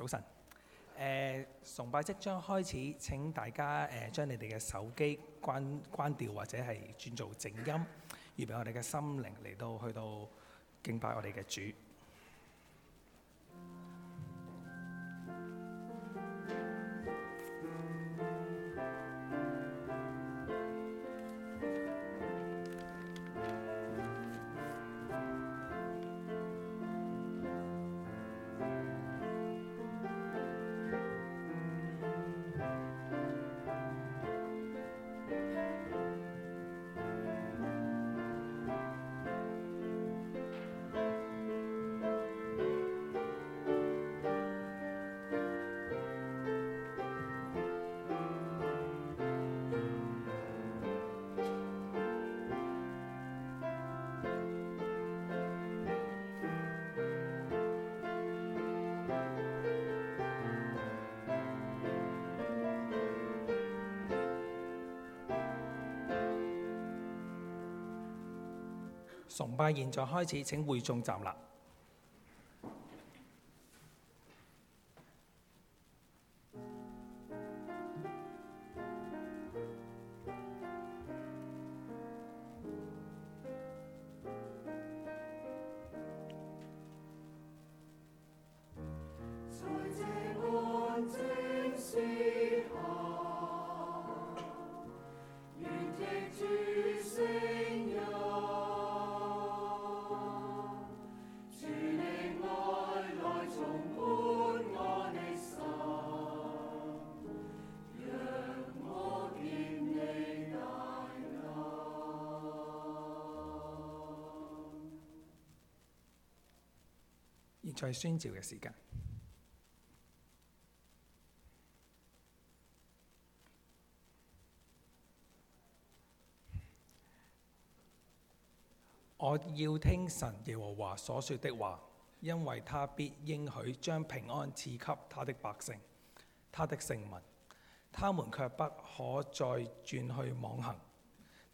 早晨、呃，崇拜即將開始，請大家誒、呃、將你哋嘅手機關關掉或者係轉做靜音，預備我哋嘅心靈嚟到去到敬拜我哋嘅主。現在開始，請會眾站立。在宣召嘅時間，我要聽神耶和華所說的話，因為他必應許將平安賜給他的百姓，他的聖民，他們卻不可再轉去妄行。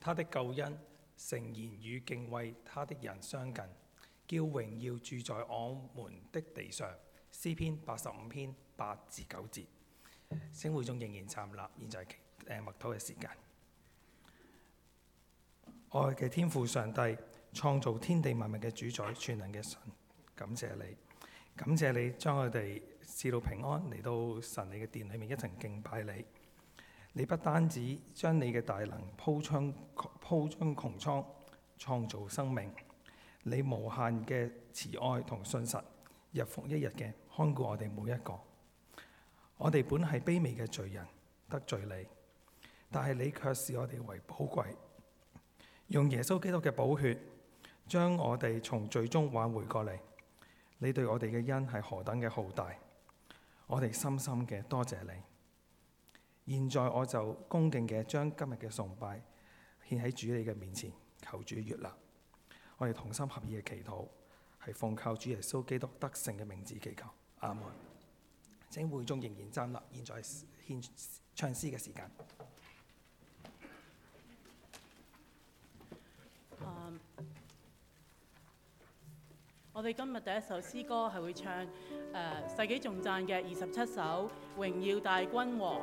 他的救恩誠然與敬畏他的人相近。叫榮耀住在我們的地上，詩篇八十五篇八至九節。聖會中仍然站立，現在誒默禱嘅時間。愛嘅 天父上帝，創造天地萬物嘅主宰，全能嘅神，感謝你，感謝你將我哋賜到平安，嚟到神你嘅殿裏面一層敬拜你。你不單止將你嘅大能鋪窗鋪張穹蒼創造生命。你無限嘅慈愛同信實，日復一日嘅看顧我哋每一個。我哋本係卑微嘅罪人，得罪你，但係你卻視我哋為寶貴，用耶穌基督嘅寶血，將我哋從罪中挽回過嚟。你對我哋嘅恩係何等嘅浩大，我哋深深嘅多謝，謝你。現在我就恭敬嘅將今日嘅崇拜獻喺主你嘅面前，求主悅納。我哋同心合意嘅祈禱，係奉靠主耶穌基督得勝嘅名字祈求，阿門。請會中仍然站立，現在獻唱詩嘅時間。Uh, 我哋今日第一首詩歌係會唱《誒、uh, 世紀頌讚》嘅二十七首《榮耀大君王》。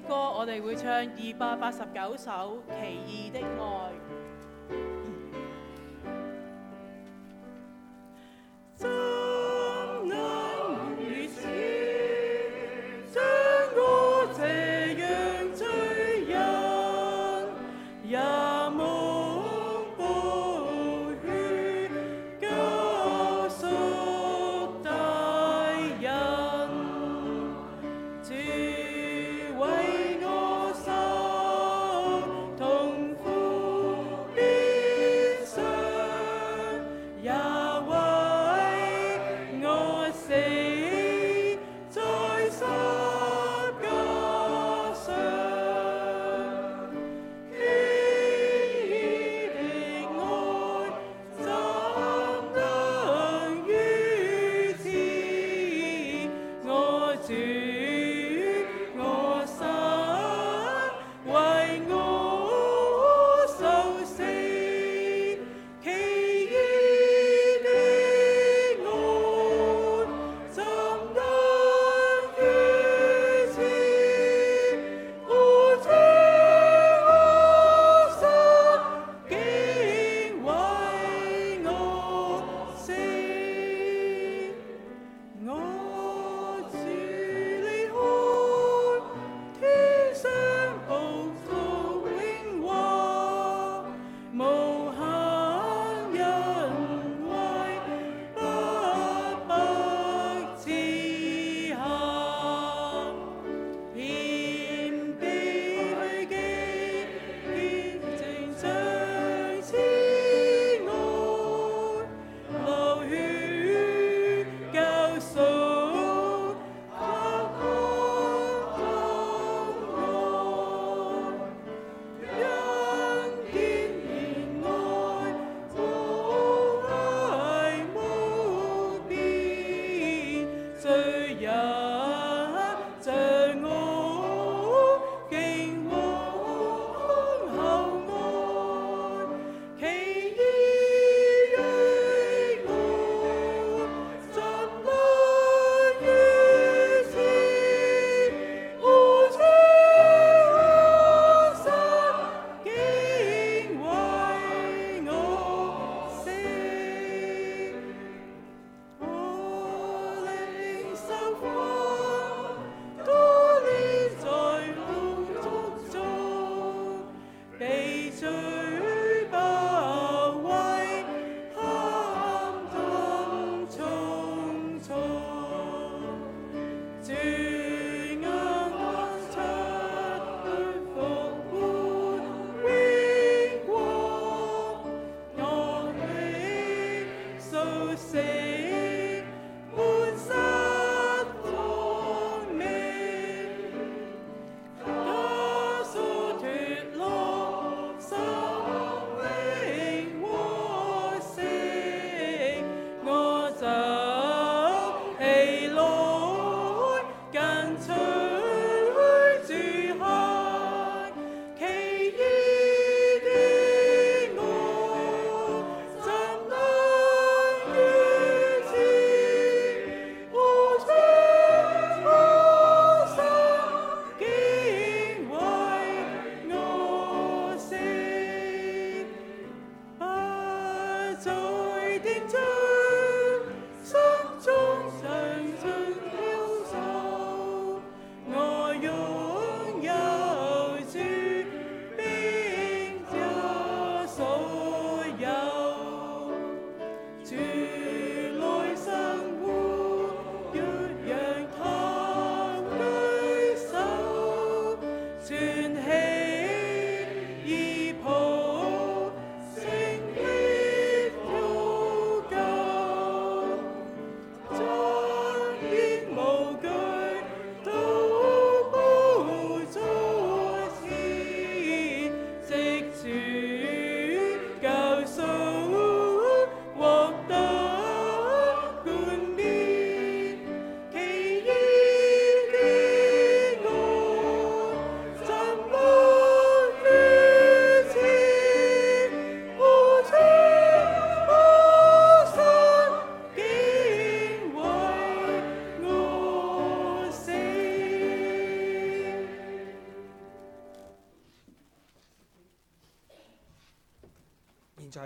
歌我哋會唱二百八十九首《奇異的愛》。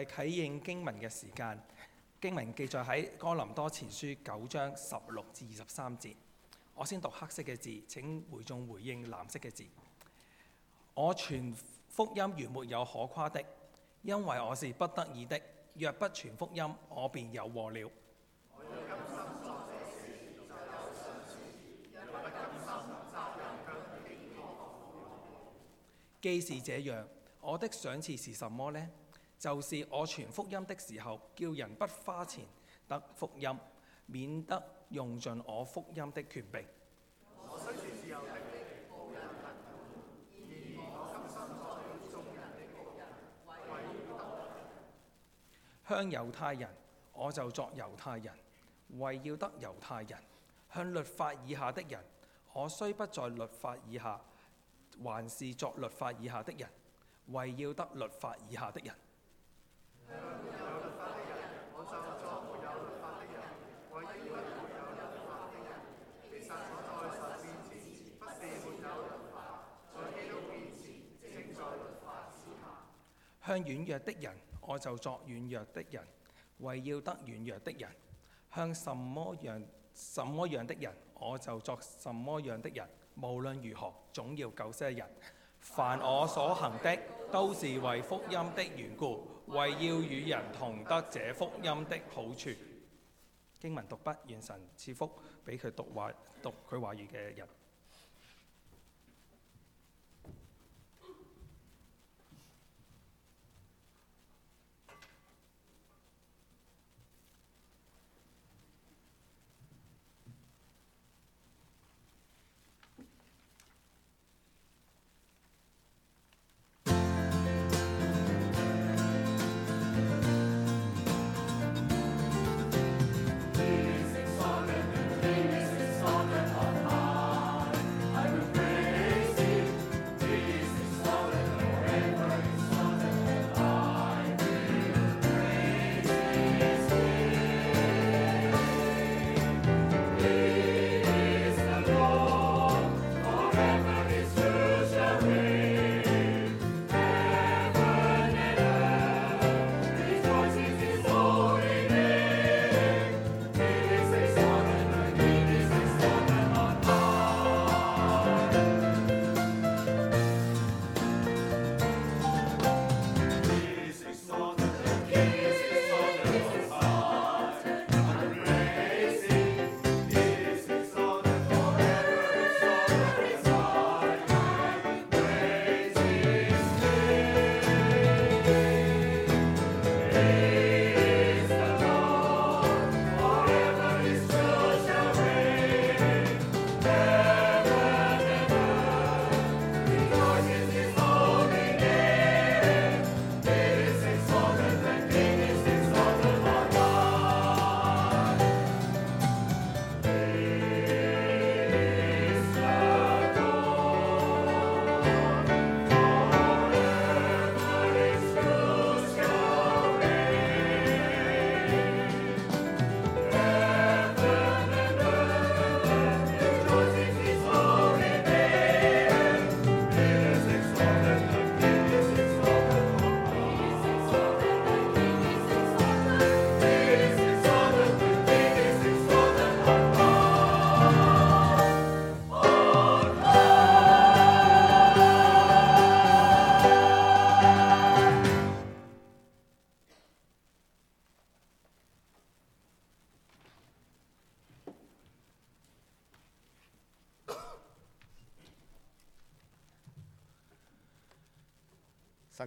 係啟應經文嘅時間，經文記載喺哥林多前書九章十六至二十三節。我先讀黑色嘅字，請會眾回應藍色嘅字。我傳福音原沒有可誇的，因為我是不得已的。若不傳福音，我便有禍了。既是這樣，我的賞賜是什麼呢？就是我傳福音的時候，叫人不花錢得福音，免得用盡我福音的權柄。向猶太人，我就作猶太人，為要得猶太人；向律法以下的人，我雖不在律法以下，還是作律法以下的人，為要得律法以下的人。向軟弱的人，我就作軟弱的人，為要得軟弱的人；向什麼樣什麼樣的人，我就作什麼樣的人。無論如何，總要救些人。凡我所行的，都是為福音的緣故，為要與人同得這福音的好處。經文讀畢，願神賜福俾佢讀話讀佢話語嘅人。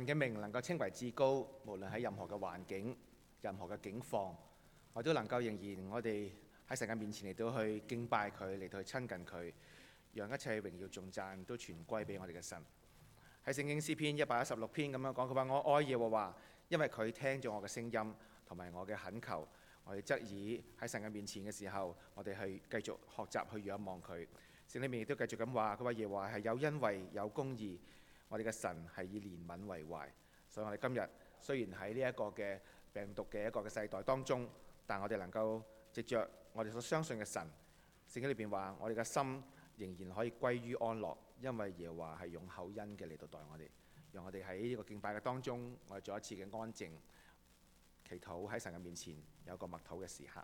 神嘅名能夠稱為至高，無論喺任何嘅環境、任何嘅境況，我都能夠仍然我哋喺神嘅面前嚟到去敬拜佢，嚟到去親近佢，讓一切榮耀、頌讚都全歸俾我哋嘅神。喺聖經詩篇一百一十六篇咁樣講，佢話我愛耶和華，因為佢聽咗我嘅聲音同埋我嘅懇求，我哋則以喺神嘅面前嘅時候，我哋去繼續學習去仰望佢。聖經裏面亦都繼續咁話，佢話耶和華係有恩惠有公義。我哋嘅神係以憐憫為懷，所以我哋今日雖然喺呢一個嘅病毒嘅一個嘅世代當中，但我哋能夠藉着我哋所相信嘅神，聖經裏邊，話我哋嘅心仍然可以歸於安樂，因為耶和華係用口恩嘅嚟到待我哋，讓我哋喺呢個敬拜嘅當中，我哋做一次嘅安靜祈禱喺神嘅面前，有個默禱嘅時刻。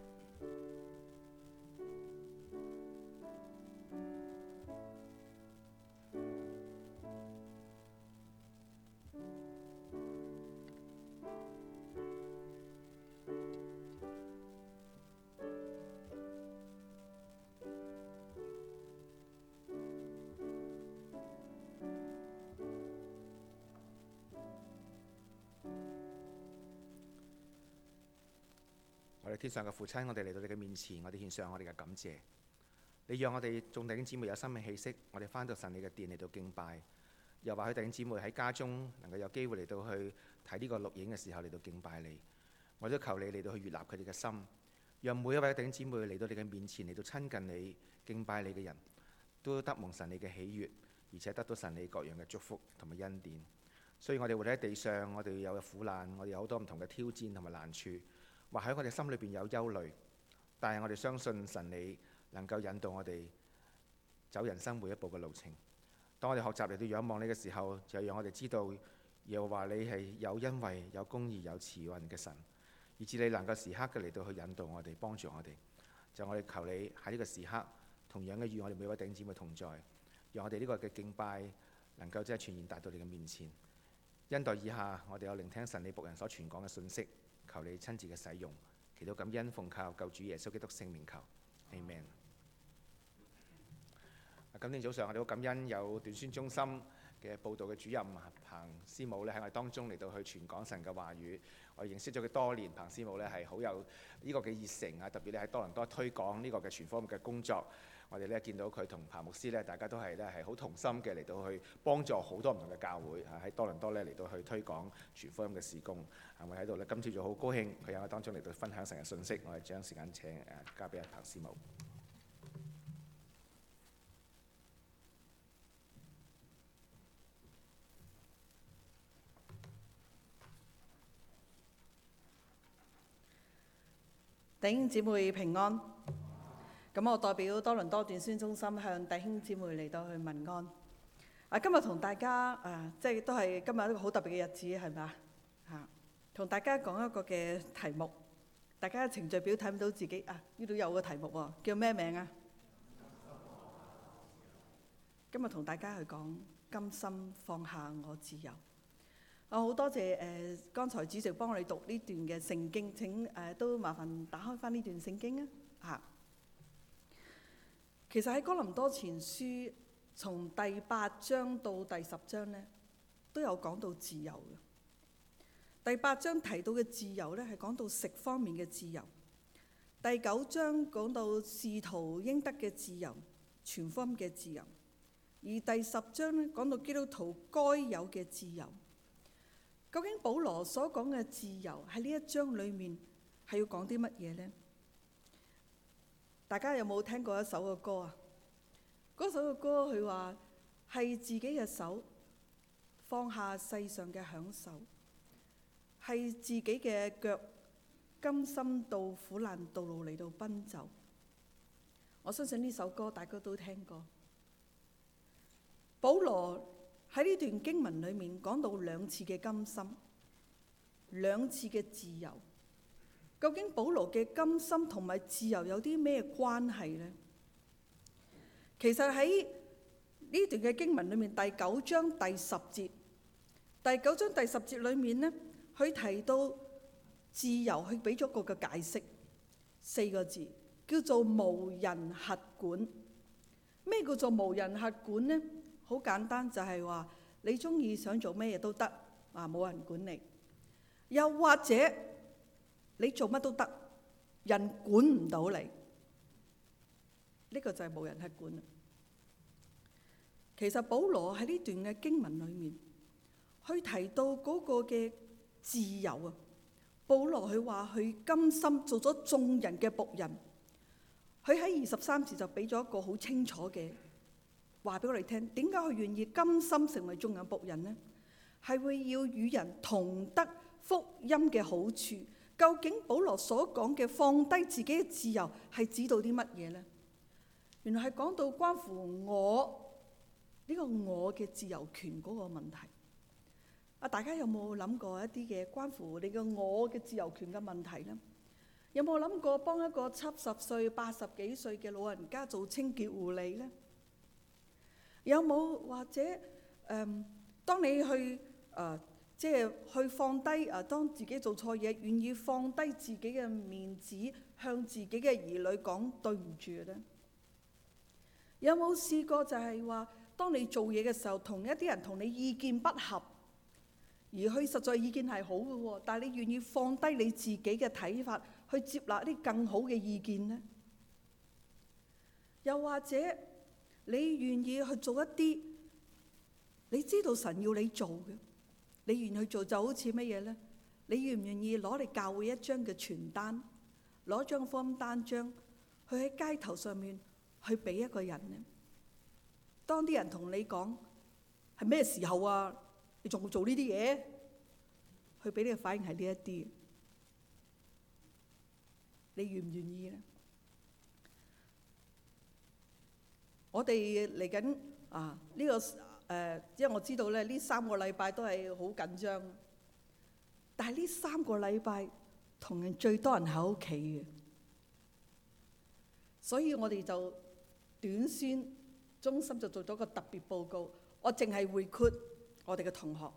天上嘅父親，我哋嚟到你嘅面前，我哋獻上我哋嘅感謝。你讓我哋眾弟兄姊妹有生命氣息，我哋返到神你嘅殿嚟到敬拜。又或者弟兄姊妹喺家中能夠有機會嚟到去睇呢個錄影嘅時候嚟到敬拜你。我哋都求你嚟到去悅納佢哋嘅心，讓每一位弟兄姊妹嚟到你嘅面前嚟到親近你敬拜你嘅人都得蒙神你嘅喜悅，而且得到神你各樣嘅祝福同埋恩典。所以我哋活喺地上，我哋有苦難，我哋有好多唔同嘅挑戰同埋難處。或喺我哋心裏邊有憂慮，但係我哋相信神你能夠引導我哋走人生每一步嘅路程。當我哋學習嚟到仰望你嘅時候，就讓我哋知道，又話你係有因為有公義有慈運嘅神，以至你能夠時刻嘅嚟到去引導我哋、幫助我哋。就我哋求你喺呢個時刻，同樣嘅與我哋每位頂兄嘅同在，讓我哋呢個嘅敬拜能夠即係傳言達到你嘅面前。因待以下，我哋有聆聽神你僕人所傳講嘅信息。求你親自嘅使用，祈到感恩奉靠救主耶穌基督聖名求，Amen。今天早上我哋好感恩有短宣中心嘅報道嘅主任彭師母咧喺我哋當中嚟到去傳講神嘅話語，我認識咗佢多年，彭師母咧係好有呢個嘅熱誠啊，特別你喺多倫多推廣呢個嘅全方面嘅工作。我哋咧見到佢同彭牧師咧，大家都係咧係好同心嘅嚟到去幫助好多唔同嘅教會啊！喺多倫多咧嚟到去推廣傳福音嘅事工，阿妹喺度咧，今次就好高興，佢喺我當中嚟到分享成日信息，我哋將時間請誒交俾阿彭師母。頂姊妹平安。咁我代表多倫多電宣中心向弟兄姊妹嚟到去問安啊！今日同大家啊，即係都係今日一個好特別嘅日子，係咪嚇？同大家講一個嘅題目，大家嘅程序表睇唔到自己啊？呢度有個題目喎，叫咩名啊？今日同大家去講甘心放下我自由。我好多謝誒剛才主席幫我哋讀呢段嘅聖經。請誒都麻煩打開翻呢段聖經啊！嚇～其實喺《哥林多前書》從第八章到第十章咧，都有講到自由嘅。第八章提到嘅自由咧，係講到食方面嘅自由；第九章講到仕途應得嘅自由、全方嘅自由；而第十章咧講到基督徒該有嘅自由。究竟保羅所講嘅自由喺呢一章裏面係要講啲乜嘢咧？大家有冇聽過一首嘅歌啊？嗰首嘅歌佢話係自己嘅手放下世上嘅享受，係自己嘅腳甘心到苦難道路嚟到奔走。我相信呢首歌大家都聽過。保羅喺呢段經文裏面講到兩次嘅甘心，兩次嘅自由。究竟保羅嘅甘心同埋自由有啲咩關係呢？其實喺呢段嘅經文裏面，第第，第九章第十節，第九章第十節裏面呢，佢提到自由，佢俾咗個嘅解釋，四個字叫做無人轄管。咩叫做無人轄管呢？好簡單就，就係話你中意想做咩嘢都得啊，冇人管你。又或者，你做乜都得，人管唔到你，呢、呢個就係冇人係管。其實保羅喺呢段嘅經文裏面，佢提到嗰個嘅自由啊。保羅佢話佢甘心做咗眾人嘅僕人，佢喺二十三節就俾咗一個好清楚嘅話俾我哋聽。點解佢願意甘心成為眾人僕人呢？係會要與人同得福音嘅好處。究竟保羅所講嘅放低自己嘅自由係指到啲乜嘢呢？原來係講到關乎我呢個我嘅自由權嗰個問題。啊，大家有冇諗過一啲嘅關乎你嘅我嘅自由權嘅問題呢？有冇諗過幫一個七十歲、八十幾歲嘅老人家做清潔護理呢？有冇或者誒，當你去誒？即係去放低啊！當自己做錯嘢，願意放低自己嘅面子，向自己嘅兒女講對唔住咧。有冇試過就係話，當你做嘢嘅時候，同一啲人同你意見不合，而佢實在意見係好嘅喎，但係你願意放低你自己嘅睇法，去接納一啲更好嘅意見呢？又或者你願意去做一啲你知道神要你做嘅？你願意去做就好似乜嘢咧？你願唔願意攞嚟教會一張嘅傳單，攞張福音單張，去喺街頭上面去俾一個人呢？當啲人同你講係咩時候啊？你仲會做呢啲嘢？佢俾你嘅反應係呢一啲，你願唔願意咧？我哋嚟緊啊！呢、這個誒，因為我知道咧，呢三個禮拜都係好緊張，但係呢三個禮拜同樣最多人喺屋企嘅，所以我哋就短宣中心就做咗個特別報告。我淨係會括我哋嘅同學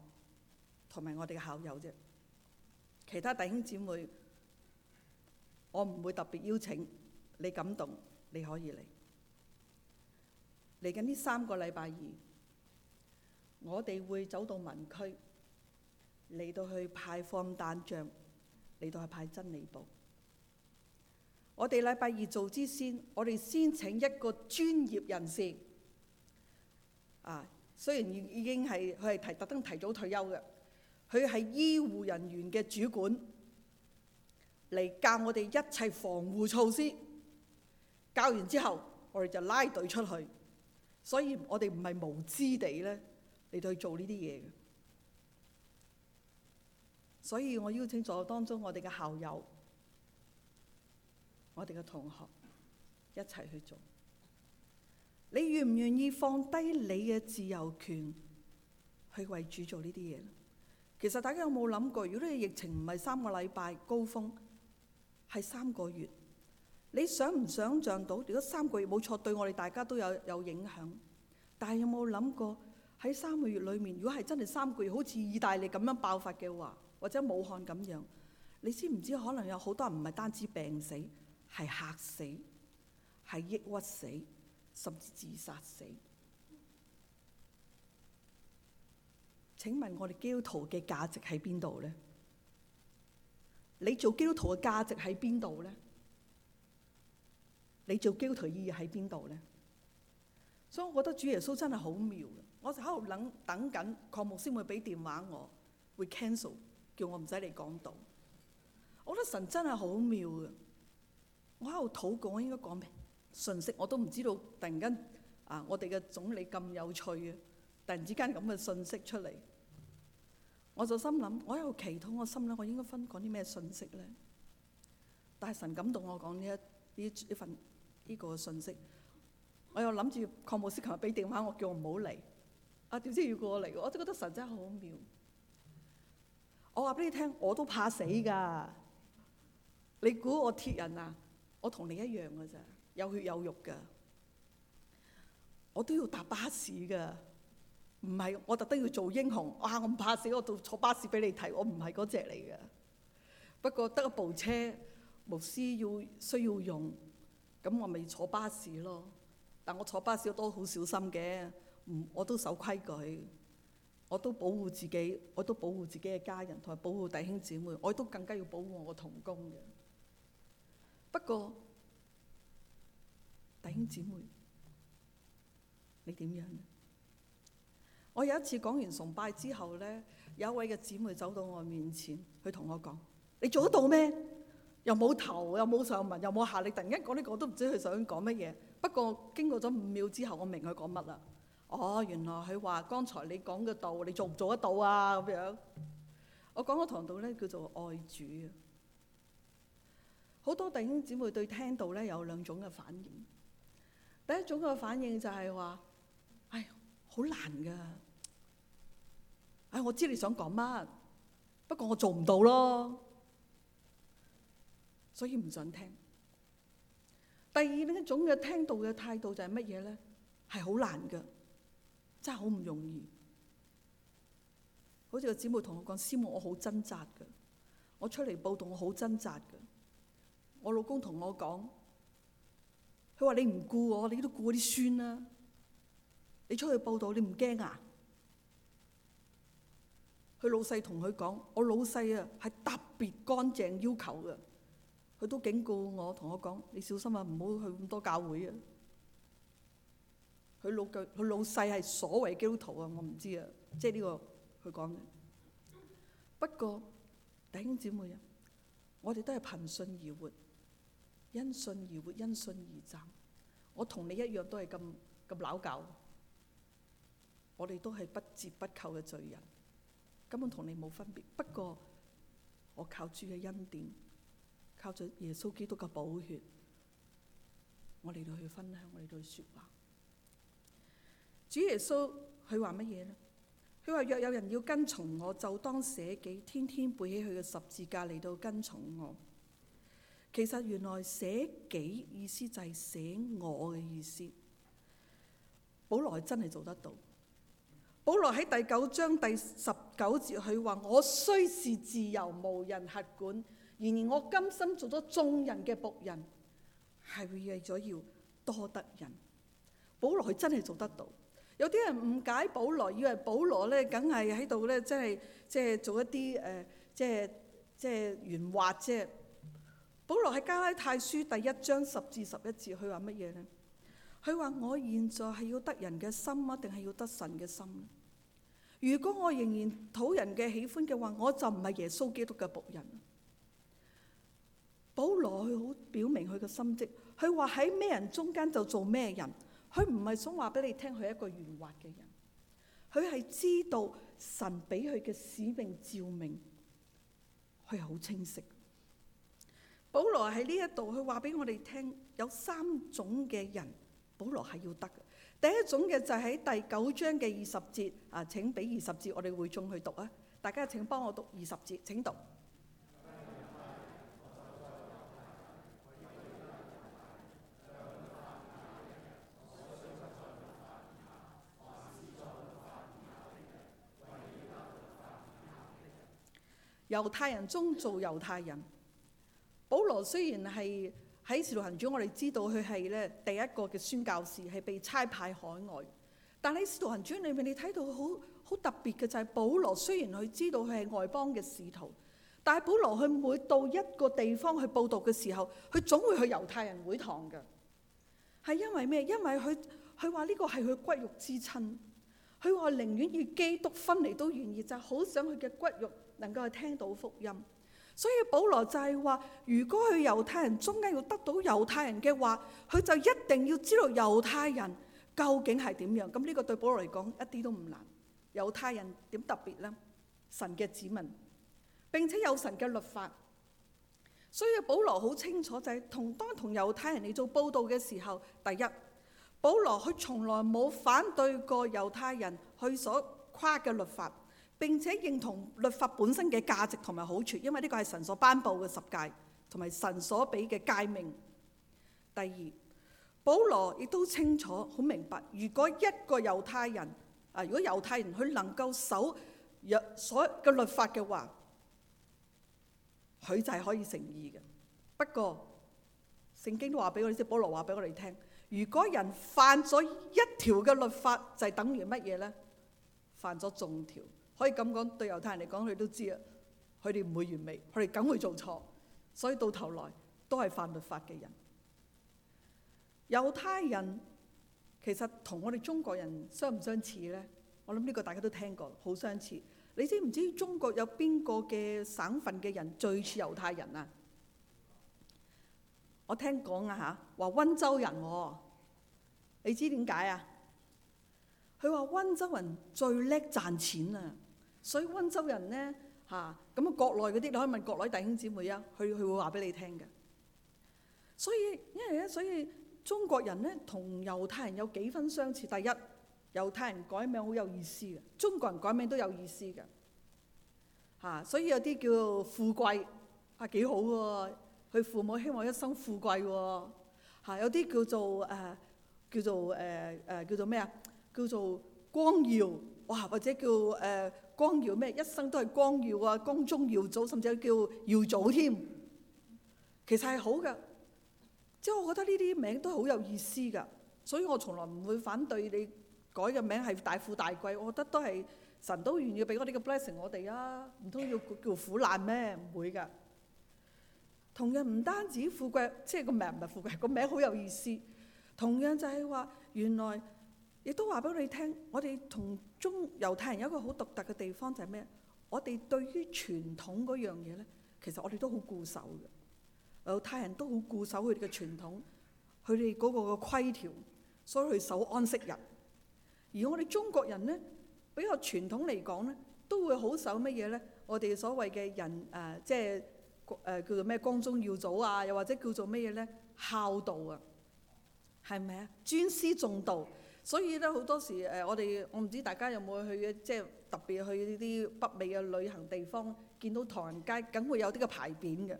同埋我哋嘅校友啫，其他弟兄姊妹我唔會特別邀請。你感動，你可以嚟。嚟緊呢三個禮拜二。我哋會走到民區，嚟到去派放單張，嚟到去派真理報。我哋禮拜二做之先，我哋先請一個專業人士，啊，雖然已已經係佢係提特登提早退休嘅，佢係醫護人員嘅主管嚟教我哋一切防護措施。教完之後，我哋就拉隊出去，所以我哋唔係無知地咧。嚟到做呢啲嘢嘅，所以我邀請在座當中我哋嘅校友、我哋嘅同學一齊去做。你願唔願意放低你嘅自由權去為主做呢啲嘢咧？其實大家有冇諗過，如果你疫情唔係三個禮拜高峰，係三個月，你想唔想像到？如果三個月冇錯，對我哋大家都有有影響，但係有冇諗過？喺三個月裏面，如果係真係三個月好似意大利咁樣爆發嘅話，或者武漢咁樣，你知唔知可能有好多人唔係單止病死，係嚇死，係抑鬱死，甚至自殺死？請問我哋基督徒嘅價值喺邊度呢？你做基督徒嘅價值喺邊度呢？你做基督徒意義喺邊度呢？所以，我覺得主耶穌真係好妙。我就喺度諗，等緊，鄺牧師會俾電話我，會 cancel 叫我唔使嚟講道。我覺得神真係好妙啊！我喺度禱告，我應該講咩信息？我都唔知道突、啊。突然間啊，我哋嘅總理咁有趣啊，突然之間咁嘅信息出嚟，我就心諗，我喺度祈禱，我心諗，我應該分講啲咩信息咧？但係神感動我講呢一呢一份呢、呢個信息，我又諗住鄺牧師琴日俾電話我，叫我唔好嚟。啊！點知要過嚟？我都覺得神真係好妙。我話俾你聽，我都怕死㗎。你估我鐵人啊？我同你一樣㗎咋，有血有肉㗎。我都要搭巴士㗎。唔係我特登要做英雄。哇、啊！我唔怕死，我都坐巴士俾你睇。我唔係嗰隻嚟嘅。不過得一部車，牧師要需要用，咁我咪坐巴士咯。但我坐巴士我都好小心嘅。唔，我都守規矩，我都保護自己，我都保護自己嘅家人，同埋保護弟兄姊妹，我都更加要保護我嘅同工嘅。不過，弟兄姊妹，你點樣？我有一次講完崇拜之後咧，有一位嘅姊妹走到我面前，佢同我講：你做得到咩？又冇頭，又冇上文，又冇下力。突然間講呢個，我都唔知佢想講乜嘢。不過經過咗五秒之後，我明佢講乜啦。哦，原來佢話剛才你講嘅道，你做唔做得到啊？咁樣，我講嘅堂道咧叫做愛主。好多弟兄姊妹對聽道咧有兩種嘅反應。第一種嘅反應就係話：唉，好難㗎！唉，我知你想講乜，不過我做唔到咯，所以唔想聽。第二呢一種嘅聽道嘅態度就係乜嘢咧？係好難㗎。真係好唔容易，好似個姊妹同我講，師母我好掙扎嘅，我出嚟報道我好掙扎嘅，我老公同我講，佢話你唔顧我，你都顧我啲孫啦，你出去報道你唔驚啊？佢老細同佢講，我老細啊係特別乾淨要求嘅，佢都警告我同我講，你小心啊，唔好去咁多教會啊。佢老佢老世係所謂基督徒啊！我唔知啊，即係呢個佢講嘅。不過弟兄姊妹啊，我哋都係憑信而活，因信而活，因信而站。我同你一樣都係咁咁撈教，我哋都係不折不扣嘅罪人，根本同你冇分別。不過我靠主嘅恩典，靠住耶穌基督嘅寶血，我哋都去分享我哋對説話。主耶穌佢話乜嘢咧？佢話，若有人要跟從我，就當捨己，天天背起佢嘅十字架嚟到跟從我。其實原來捨己意思就係捨我嘅意思。保羅真係做得到。保羅喺第九章第十九節佢話：我雖是自由，無人轄管，然而我甘心做咗眾人嘅僕人，係為咗要多得人。保羅佢真係做得到。有啲人誤解保羅，以為保羅咧，梗係喺度咧，真係即係做一啲誒，即係即係圓滑。即係保羅喺加拉太書第一章十至十一節，佢話乜嘢咧？佢話：我現在係要得人嘅心啊，定係要得神嘅心咧？如果我仍然討人嘅喜歡嘅話，我就唔係耶穌基督嘅僕人。保羅佢好表明佢嘅心跡，佢話喺咩人中間就做咩人。佢唔係想話俾你聽，佢係一個圓滑嘅人。佢係知道神俾佢嘅使命召命，佢好清晰。保羅喺呢一度，佢話俾我哋聽，有三種嘅人，保羅係要得嘅。第一種嘅就係喺第九章嘅二十節啊，請俾二十節，我哋會眾去讀啊。大家請幫我讀二十節，請讀。猶太人中做猶太人，保羅雖然係喺《使徒行傳》，我哋知道佢係咧第一個嘅宣教士，係被差派海外。但喺《使徒行傳》裏面，你睇到好好特別嘅就係保羅雖然佢知道佢係外邦嘅使徒，但係保羅佢每到一個地方去佈道嘅時候，佢總會去猶太人會堂嘅。係因為咩？因為佢佢話呢個係佢骨肉之親，佢話寧願與基督分離都願意，就係好想佢嘅骨肉。能夠聽到福音，所以保羅就係話：如果去猶太人中間要得到猶太人嘅話，佢就一定要知道猶太人究竟係點樣。咁、這、呢個對保羅嚟講一啲都唔難。猶太人點特別呢？神嘅子民，並且有神嘅律法。所以保羅好清楚就係、是、同當同猶太人嚟做報道嘅時候，第一，保羅佢從來冇反對過猶太人去所誇嘅律法。並且認同律法本身嘅價值同埋好處，因為呢個係神所頒佈嘅十戒，同埋神所俾嘅誡命。第二，保羅亦都清楚好明白，如果一個猶太人啊，如果猶太人佢能夠守所有嘅律法嘅話，佢就係可以誠意嘅。不過聖經都話俾我哋知，保羅話俾我哋聽，如果人犯咗一條嘅律法，就係等於乜嘢呢？犯咗眾條。可以咁講，對猶太人嚟講，佢都知啊。佢哋唔會完美，佢哋梗會做錯，所以到頭來都係犯律法嘅人。猶太人其實同我哋中國人相唔相似呢？我諗呢個大家都聽過，好相似。你知唔知中國有邊個嘅省份嘅人最似猶太人啊？我聽講啊嚇，話温州人喎、哦，你知點解啊？佢話温州人最叻賺錢啊。所以温州人咧嚇咁啊，國內嗰啲你可以問國內弟兄姊妹啊，佢佢會話俾你聽嘅。所以因為咧，所以中國人咧同猶太人有幾分相似。第一，猶太人改名好有意思嘅，中國人改名都有意思嘅嚇、啊。所以有啲叫做富貴啊，幾好喎。佢父母希望一生富貴喎、哦啊、有啲叫做誒、呃、叫做誒誒、呃呃、叫做咩啊？叫做光耀。哇，或者叫誒光耀咩？一生都係光耀啊，光宗耀祖，甚至叫耀祖添。其實係好嘅，即係我覺得呢啲名都好有意思㗎。所以我從來唔會反對你改嘅名係大富大貴，我覺得都係神都願意俾我哋嘅 blessing 我哋啊，唔通要叫苦難咩？唔會㗎。同樣唔單止富貴，即係個名唔係富貴，個名好有意思。同樣就係話原來。亦都話俾你聽，我哋同中猶太人有一個好獨特嘅地方就係咩？我哋對於傳統嗰樣嘢咧，其實我哋都好固守嘅。猶太人都好固守佢哋嘅傳統，佢哋嗰個嘅規條，所以佢守安息日。而我哋中國人咧，比較傳統嚟講咧，都會好守乜嘢咧？我哋所謂嘅人誒，即係誒、呃、叫做咩？光宗耀祖啊，又或者叫做乜嘢咧？孝道啊，係咪啊？尊師重道。所以咧好多時誒，我哋我唔知大家有冇去嘅，即係特別去呢啲北美嘅旅行地方，見到唐人街梗會有啲個牌匾嘅。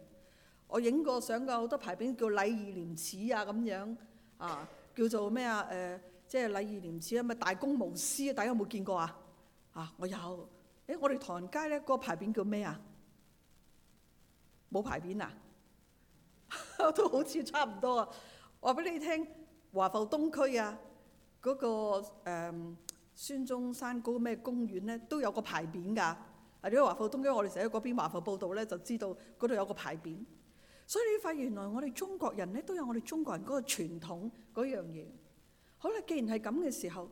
我影過相嘅好多牌匾叫禮義廉恥啊咁樣啊，叫做咩啊誒，即係禮義廉恥啊咪大公無私啊，大家有冇見過啊啊？我有。誒，我哋唐人街咧嗰、那個牌匾叫咩啊？冇牌匾啊？ 都好似差唔多啊！話俾你聽，華埠東區啊。嗰、那個誒、嗯、孫中山嗰個咩公園咧，都有個牌匾㗎。係因為華富東區，我哋寫喺嗰邊華富報道咧，就知道嗰度有個牌匾。所以你發現原來我哋中國人咧，都有我哋中國人嗰個傳統嗰樣嘢。好啦，既然係咁嘅時候，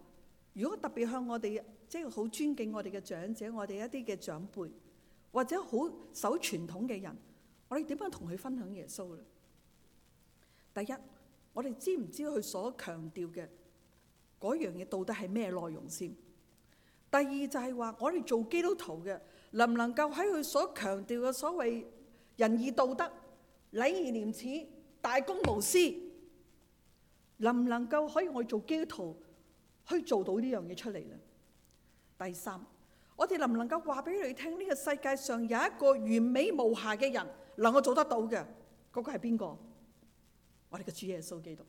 如果特別向我哋即係好尊敬我哋嘅長者，我哋一啲嘅長輩或者好守傳統嘅人，我哋點樣同佢分享耶穌咧？第一，我哋知唔知佢所強調嘅？嗰樣嘢到底係咩內容先？第二就係話，我哋做基督徒嘅，能唔能夠喺佢所強調嘅所謂仁義道德、禮義廉恥、大公無私，能唔能夠可以我做基督徒去做到呢樣嘢出嚟咧？第三，我哋能唔能夠話俾你聽，呢個世界上有一個完美無瑕嘅人能夠做得到嘅，嗰個係邊個？我哋嘅主耶穌基督。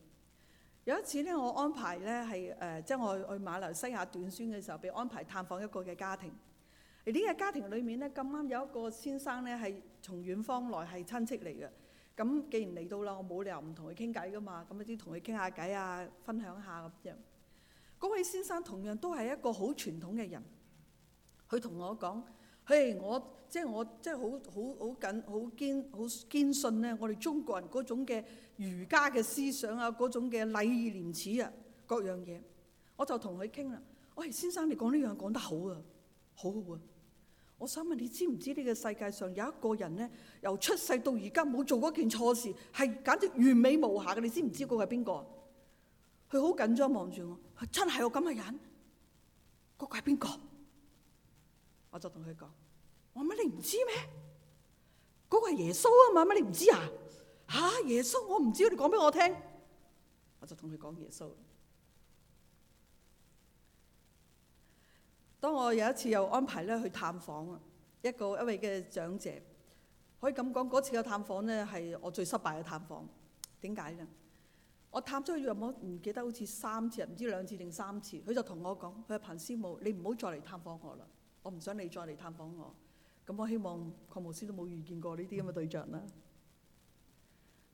有一次咧，我安排咧係誒，即係我去馬來西亞短宣嘅時候，被安排探訪一個嘅家庭。而呢個家庭裏面咧，咁啱有一個先生咧係從遠方來，係親戚嚟嘅。咁既然嚟到啦，我冇理由唔同佢傾偈噶嘛。咁一啲同佢傾下偈啊，分享下咁樣。嗰位先生同樣都係一個好傳統嘅人，佢同我講：「嘿，我。即係我，即係好好好緊，好堅，好堅信咧。我哋中國人嗰種嘅儒家嘅思想啊，嗰種嘅禮義廉恥啊，各樣嘢，我就同佢傾啦。喂，先生，你講呢樣講得好啊，好好啊。我想問你，你知唔知呢個世界上有一個人咧，由出世到而家冇做過一件錯事，係簡直完美無瑕嘅。你知唔知個係邊個？佢好緊張望住我，真係有咁嘅人？嗰個係邊個？我就同佢講。我乜你唔知咩？嗰個係耶穌啊嘛！乜你唔知啊？吓，耶穌我唔知，你講俾我聽。我就同佢講耶穌。當我有一次又安排咧，去探訪一個一位嘅長者，可以咁講，嗰次嘅探訪咧係我最失敗嘅探訪。點解呢？我探咗有冇唔記得，好似三次，唔知兩次定三次，佢就同我講：佢話彭師母，你唔好再嚟探訪我啦！我唔想你再嚟探訪我。咁我希望鄺牧師都冇遇見過呢啲咁嘅對象啦。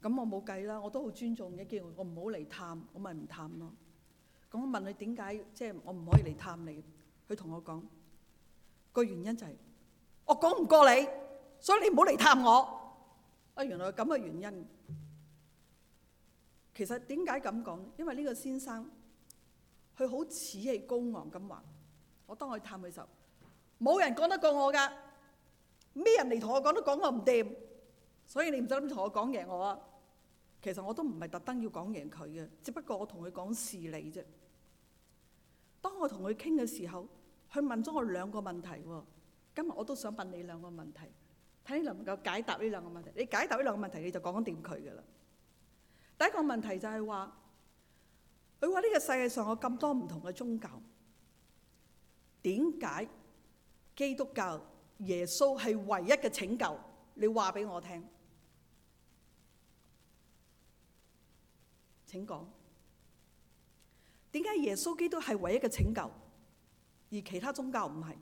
咁我冇計啦，我都好尊重嘅，既然我唔好嚟探，我咪唔探咯。咁我問佢點解，即係我唔可以嚟探你？佢同我講個原因就係我講唔過你，所以你唔好嚟探我。啊，原來咁嘅原因。其實點解咁講？因為呢個先生佢好似係高昂咁話，我當我去探佢時候，冇人講得過我㗎。咩人嚟同我講都講我唔掂，所以你唔使咁同我講贏我啊！其實我都唔係特登要講贏佢嘅，只不過我同佢講事理啫。當我同佢傾嘅時候，佢問咗我兩個問題，今日我都想問你兩個問題，睇你能唔能夠解答呢兩個問題？你解答呢兩個問題，你就講掂佢噶啦。第一個問題就係話，佢話呢個世界上有咁多唔同嘅宗教，點解基督教？耶穌係唯一嘅拯救，你話俾我聽。請講點解耶穌基督係唯一嘅拯救，而其他宗教唔係？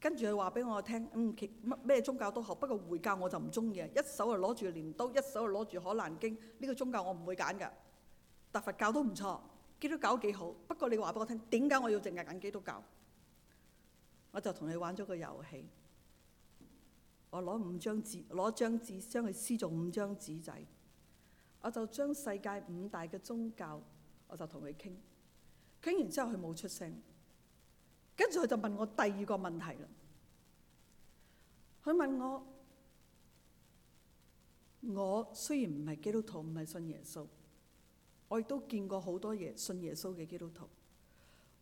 跟住佢話俾我聽，嗯，咩咩宗教都好，不過回教我就唔中意啊！一手就攞住鐮刀，一手就攞住可蘭經，呢個宗教我唔會揀噶。但佛教都唔錯，基督教幾好，不過你話俾我聽，點解我要淨係揀基督教？我就同佢玩咗個遊戲，我攞五張紙，攞張紙將佢撕做五張紙仔。我就將世界五大嘅宗教，我就同佢傾。傾完之後佢冇出聲，跟住佢就問我第二個問題啦。佢問我：我雖然唔係基督徒，唔係信耶穌，我亦都見過好多嘢信耶穌嘅基督徒。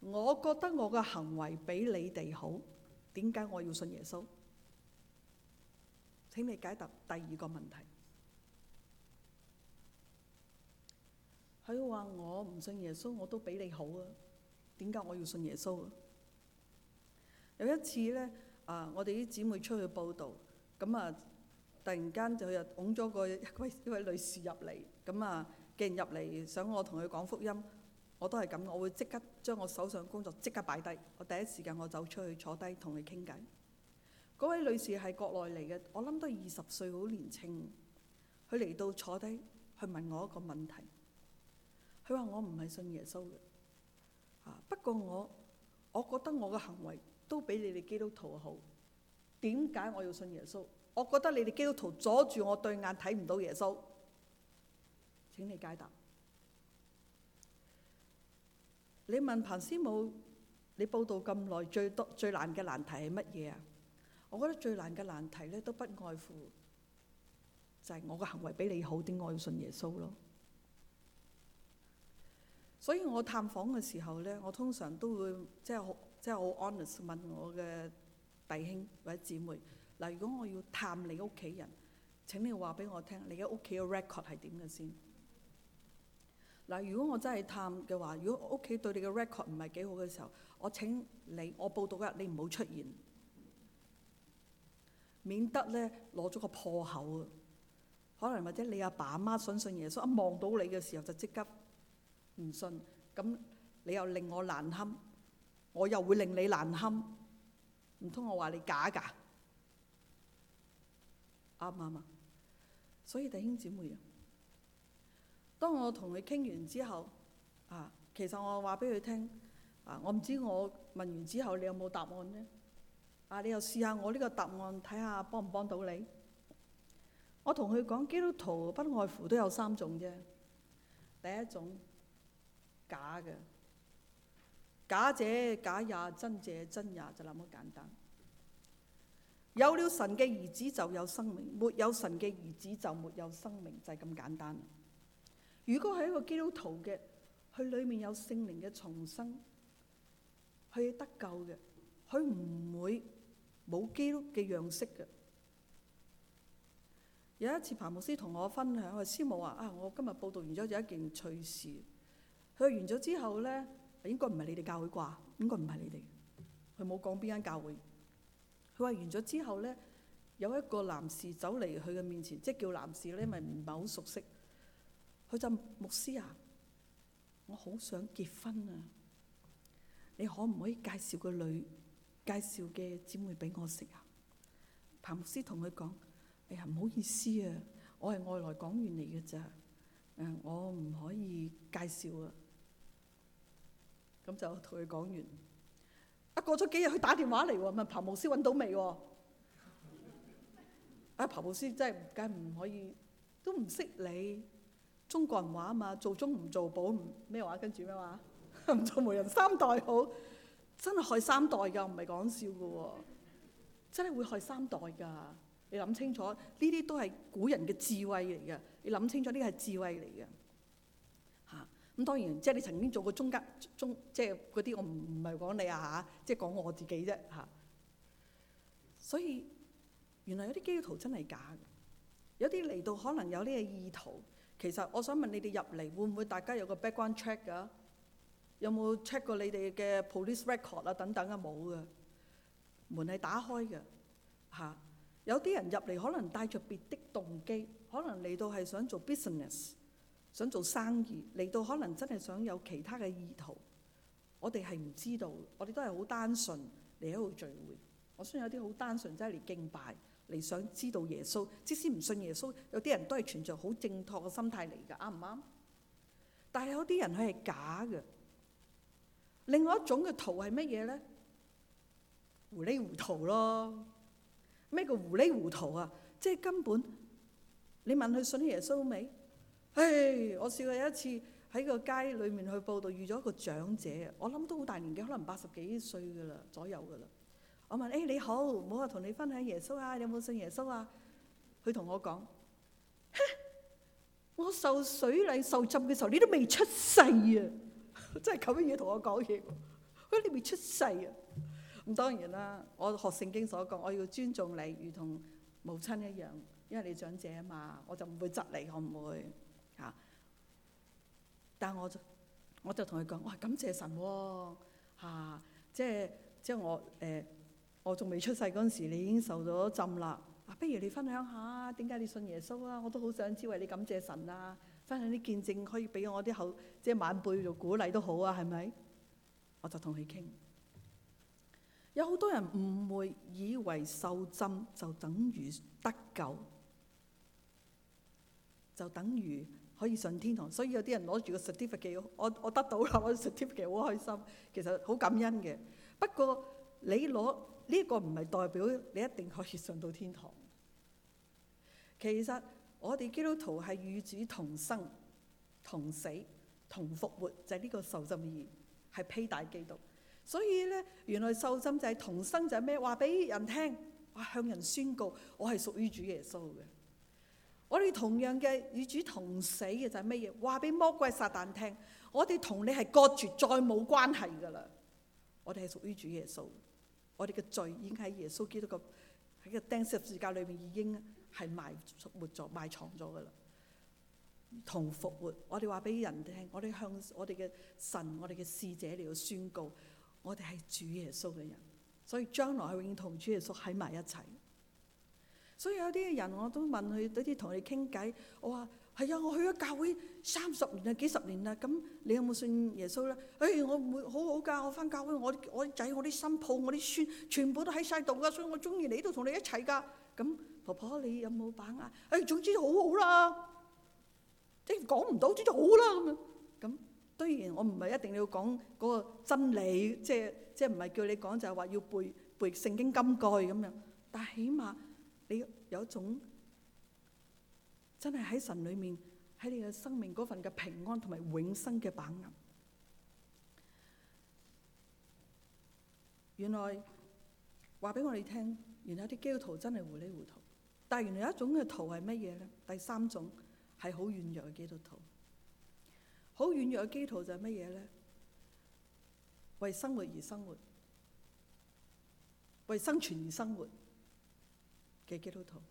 我覺得我嘅行為比你哋好，點解我要信耶穌？請你解答第二個問題。佢話我唔信耶穌，我都比你好啊，點解我要信耶穌啊？有一次咧，啊，我哋啲姊妹出去報道，咁啊，突然間就入擁咗個一位位女士入嚟，咁啊，既然入嚟，想我同佢講福音。我都係咁，我會即刻將我手上工作即刻擺低，我第一時間我走出去坐低同佢傾偈。嗰位女士係國內嚟嘅，我諗都二十歲，好年青，佢嚟到坐低，佢問我一個問題。佢話我唔係信耶穌嘅，不過我我覺得我嘅行為都比你哋基督徒好，點解我要信耶穌？我覺得你哋基督徒阻住我對眼睇唔到耶穌。請你解答。你問彭師母，你報道咁耐，最多最難嘅難題係乜嘢？我覺得最難嘅難題咧，都不外乎就係我嘅行為比你好，點解要信耶穌咯？所以我探訪嘅時候呢，我通常都會即係好 honest 問我嘅弟兄或者姊妹，嗱，如果我要探你屋企人，請你話俾我聽，你嘅屋企嘅 record 係點嘅先？嗱，如果我真係探嘅話，如果屋企對你嘅 record 唔係幾好嘅時候，我請你，我佈道日你唔好出現，免得咧攞咗個破口。可能或者你阿爸阿媽想信耶穌，一望到你嘅時候就即刻唔信，咁你又令我難堪，我又會令你難堪，唔通我話你假㗎？啱唔啱呀？所以弟兄姊妹，嘢？當我同佢傾完之後，啊，其實我話俾佢聽，啊，我唔知我問完之後你有冇答案呢？啊，你又試下我呢個答案，睇下幫唔幫到你？我同佢講，基督徒不外乎都有三種啫。第一種假嘅，假者假也，真者真也就那麼簡單。有了神嘅兒子就有生命，沒有神嘅兒子就沒有生命，就係咁簡單。如果係一個基督徒嘅，佢裏面有聖靈嘅重生，佢係得救嘅，佢唔會冇基督嘅樣式嘅。有一次，彭牧師同我分享，話師母話：啊，我今日報道完咗有一件趣事。佢話完咗之後咧，應該唔係你哋教會啩？應該唔係你哋。佢冇講邊間教會。佢話完咗之後咧，有一個男士走嚟佢嘅面前，即係叫男士咧，因為唔係好熟悉。佢就問牧師啊，我好想結婚啊！你可唔可以介紹個女、介紹嘅姊妹俾我識啊？彭牧師同佢講：哎呀，唔好意思啊，我係外來講員嚟嘅咋，誒我唔可以介紹啊！咁就同佢講完。啊過咗幾日，佢打電話嚟喎，問彭牧師揾到未喎？ 啊彭牧師真係唔計唔可以，都唔識你。中國人話啊嘛，做中唔做保唔咩話，跟住咩話唔 做媒人三代好，真係害三代㗎，唔係講笑嘅喎，哦，真係會害三代㗎。你諗清楚，呢啲都係古人嘅智慧嚟嘅。你諗清楚，呢啲係智慧嚟嘅。嚇、啊、咁當然，即係你曾經做過中間中，即係嗰啲我唔係講你啊嚇，即係講我自己啫嚇，啊。所以原來有啲基督徒真係假，有啲嚟到可能有呢個意圖。其實我想問你哋入嚟會唔會大家有個 background check 㗎、啊？有冇 check 過你哋嘅 police record 啊等等啊冇嘅，門係打開嘅吓、啊？有啲人入嚟可能帶着別的動機，可能嚟到係想做 business，想做生意，嚟到可能真係想有其他嘅意圖。我哋係唔知道，我哋都係好單純嚟喺度聚會。我相信有啲好單純真係嚟敬拜。你想知道耶穌？即使唔信耶穌，有啲人都係存著好正確嘅心態嚟㗎，啱唔啱？但係有啲人佢係假嘅。另外一種嘅途係乜嘢咧？糊裏糊塗咯。咩叫糊裏糊塗啊？即係根本你問佢信耶穌未？唉，我試過有一次喺個街裏面去報道，遇咗一個長者，我諗都好大年紀，可能八十幾歲㗎喇，左右㗎喇。我問：誒、哎、你好，冇啊，同你分享耶穌啊？你有冇信耶穌啊？佢同我講、哎，我受水禮受浸嘅時候，你都未出世啊！ 真係咁樣嘢同我講嘢，佢、哎、你未出世啊？咁當然啦，我學聖經所講，我要尊重你，如同母親一樣，因為你長者啊嘛，我就唔會窒你，我唔會嚇、啊。但係我我就同佢講，哇、哎，感謝神喎、啊啊！即係即係我誒。呃我仲未出世嗰陣時，你已經受咗浸啦。嗱、啊，不如你分享下點解你信耶穌啊？我都好想知，為你感謝神啊！分享啲見證，可以俾我啲後即係晚輩做鼓勵都好啊，係咪？我就同佢傾。有好多人誤會以為受浸就等於得救，就等於可以上天堂。所以有啲人攞住個 certificate 我我得到啦，我 certificate 好開心，其實好感恩嘅。不過你攞。呢個唔係代表你一定可以上到天堂。其實我哋基督徒係與主同生、同死、同復活，就係、是、呢個受浸儀，係披戴基督。所以咧，原來受浸就係、是、同生就係咩？話俾人聽，我向人宣告，我係屬於主耶穌嘅。我哋同樣嘅與主同死嘅就係咩嘢？話俾魔鬼撒旦聽，我哋同你係割絕再冇關係㗎喇。我哋係屬於主耶穌。我哋嘅罪已經喺耶穌基督個喺個釘十字架裏面已經係埋沒咗，埋藏咗噶啦，同復活。我哋話俾人聽，我哋向我哋嘅神、我哋嘅使者嚟到宣告，我哋係主耶穌嘅人，所以將來係永遠同主耶穌喺埋一齊。所以有啲人我都問佢，好似同你傾偈，我話。係啊、哎，我去咗教會三十年啦，幾十年啦。咁你有冇信耶穌咧？誒、哎，我唔會好好噶，我翻教會，我我啲仔、我啲新抱、我啲孫,我孫,我孫，全部都喺晒度噶，所以我中意嚟你呢度同你一齊噶。咁婆婆你有冇把握？誒、哎，總之好、就是、不道不道就好好啦，即係講唔到，總之就好啦咁樣。咁當然我唔係一定要講嗰個真理，即係即係唔係叫你講就係話要背背聖經金句咁樣。但係起碼你有一種。真係喺神裏面，喺你嘅生命嗰份嘅平安同埋永生嘅把握。原來話俾我哋聽，原來啲基督徒真係糊里糊塗。但係原來有一種嘅圖係乜嘢咧？第三種係好軟弱嘅基督徒。好軟弱嘅基督徒就係乜嘢咧？為生活而生活，為生存而生活嘅基督徒。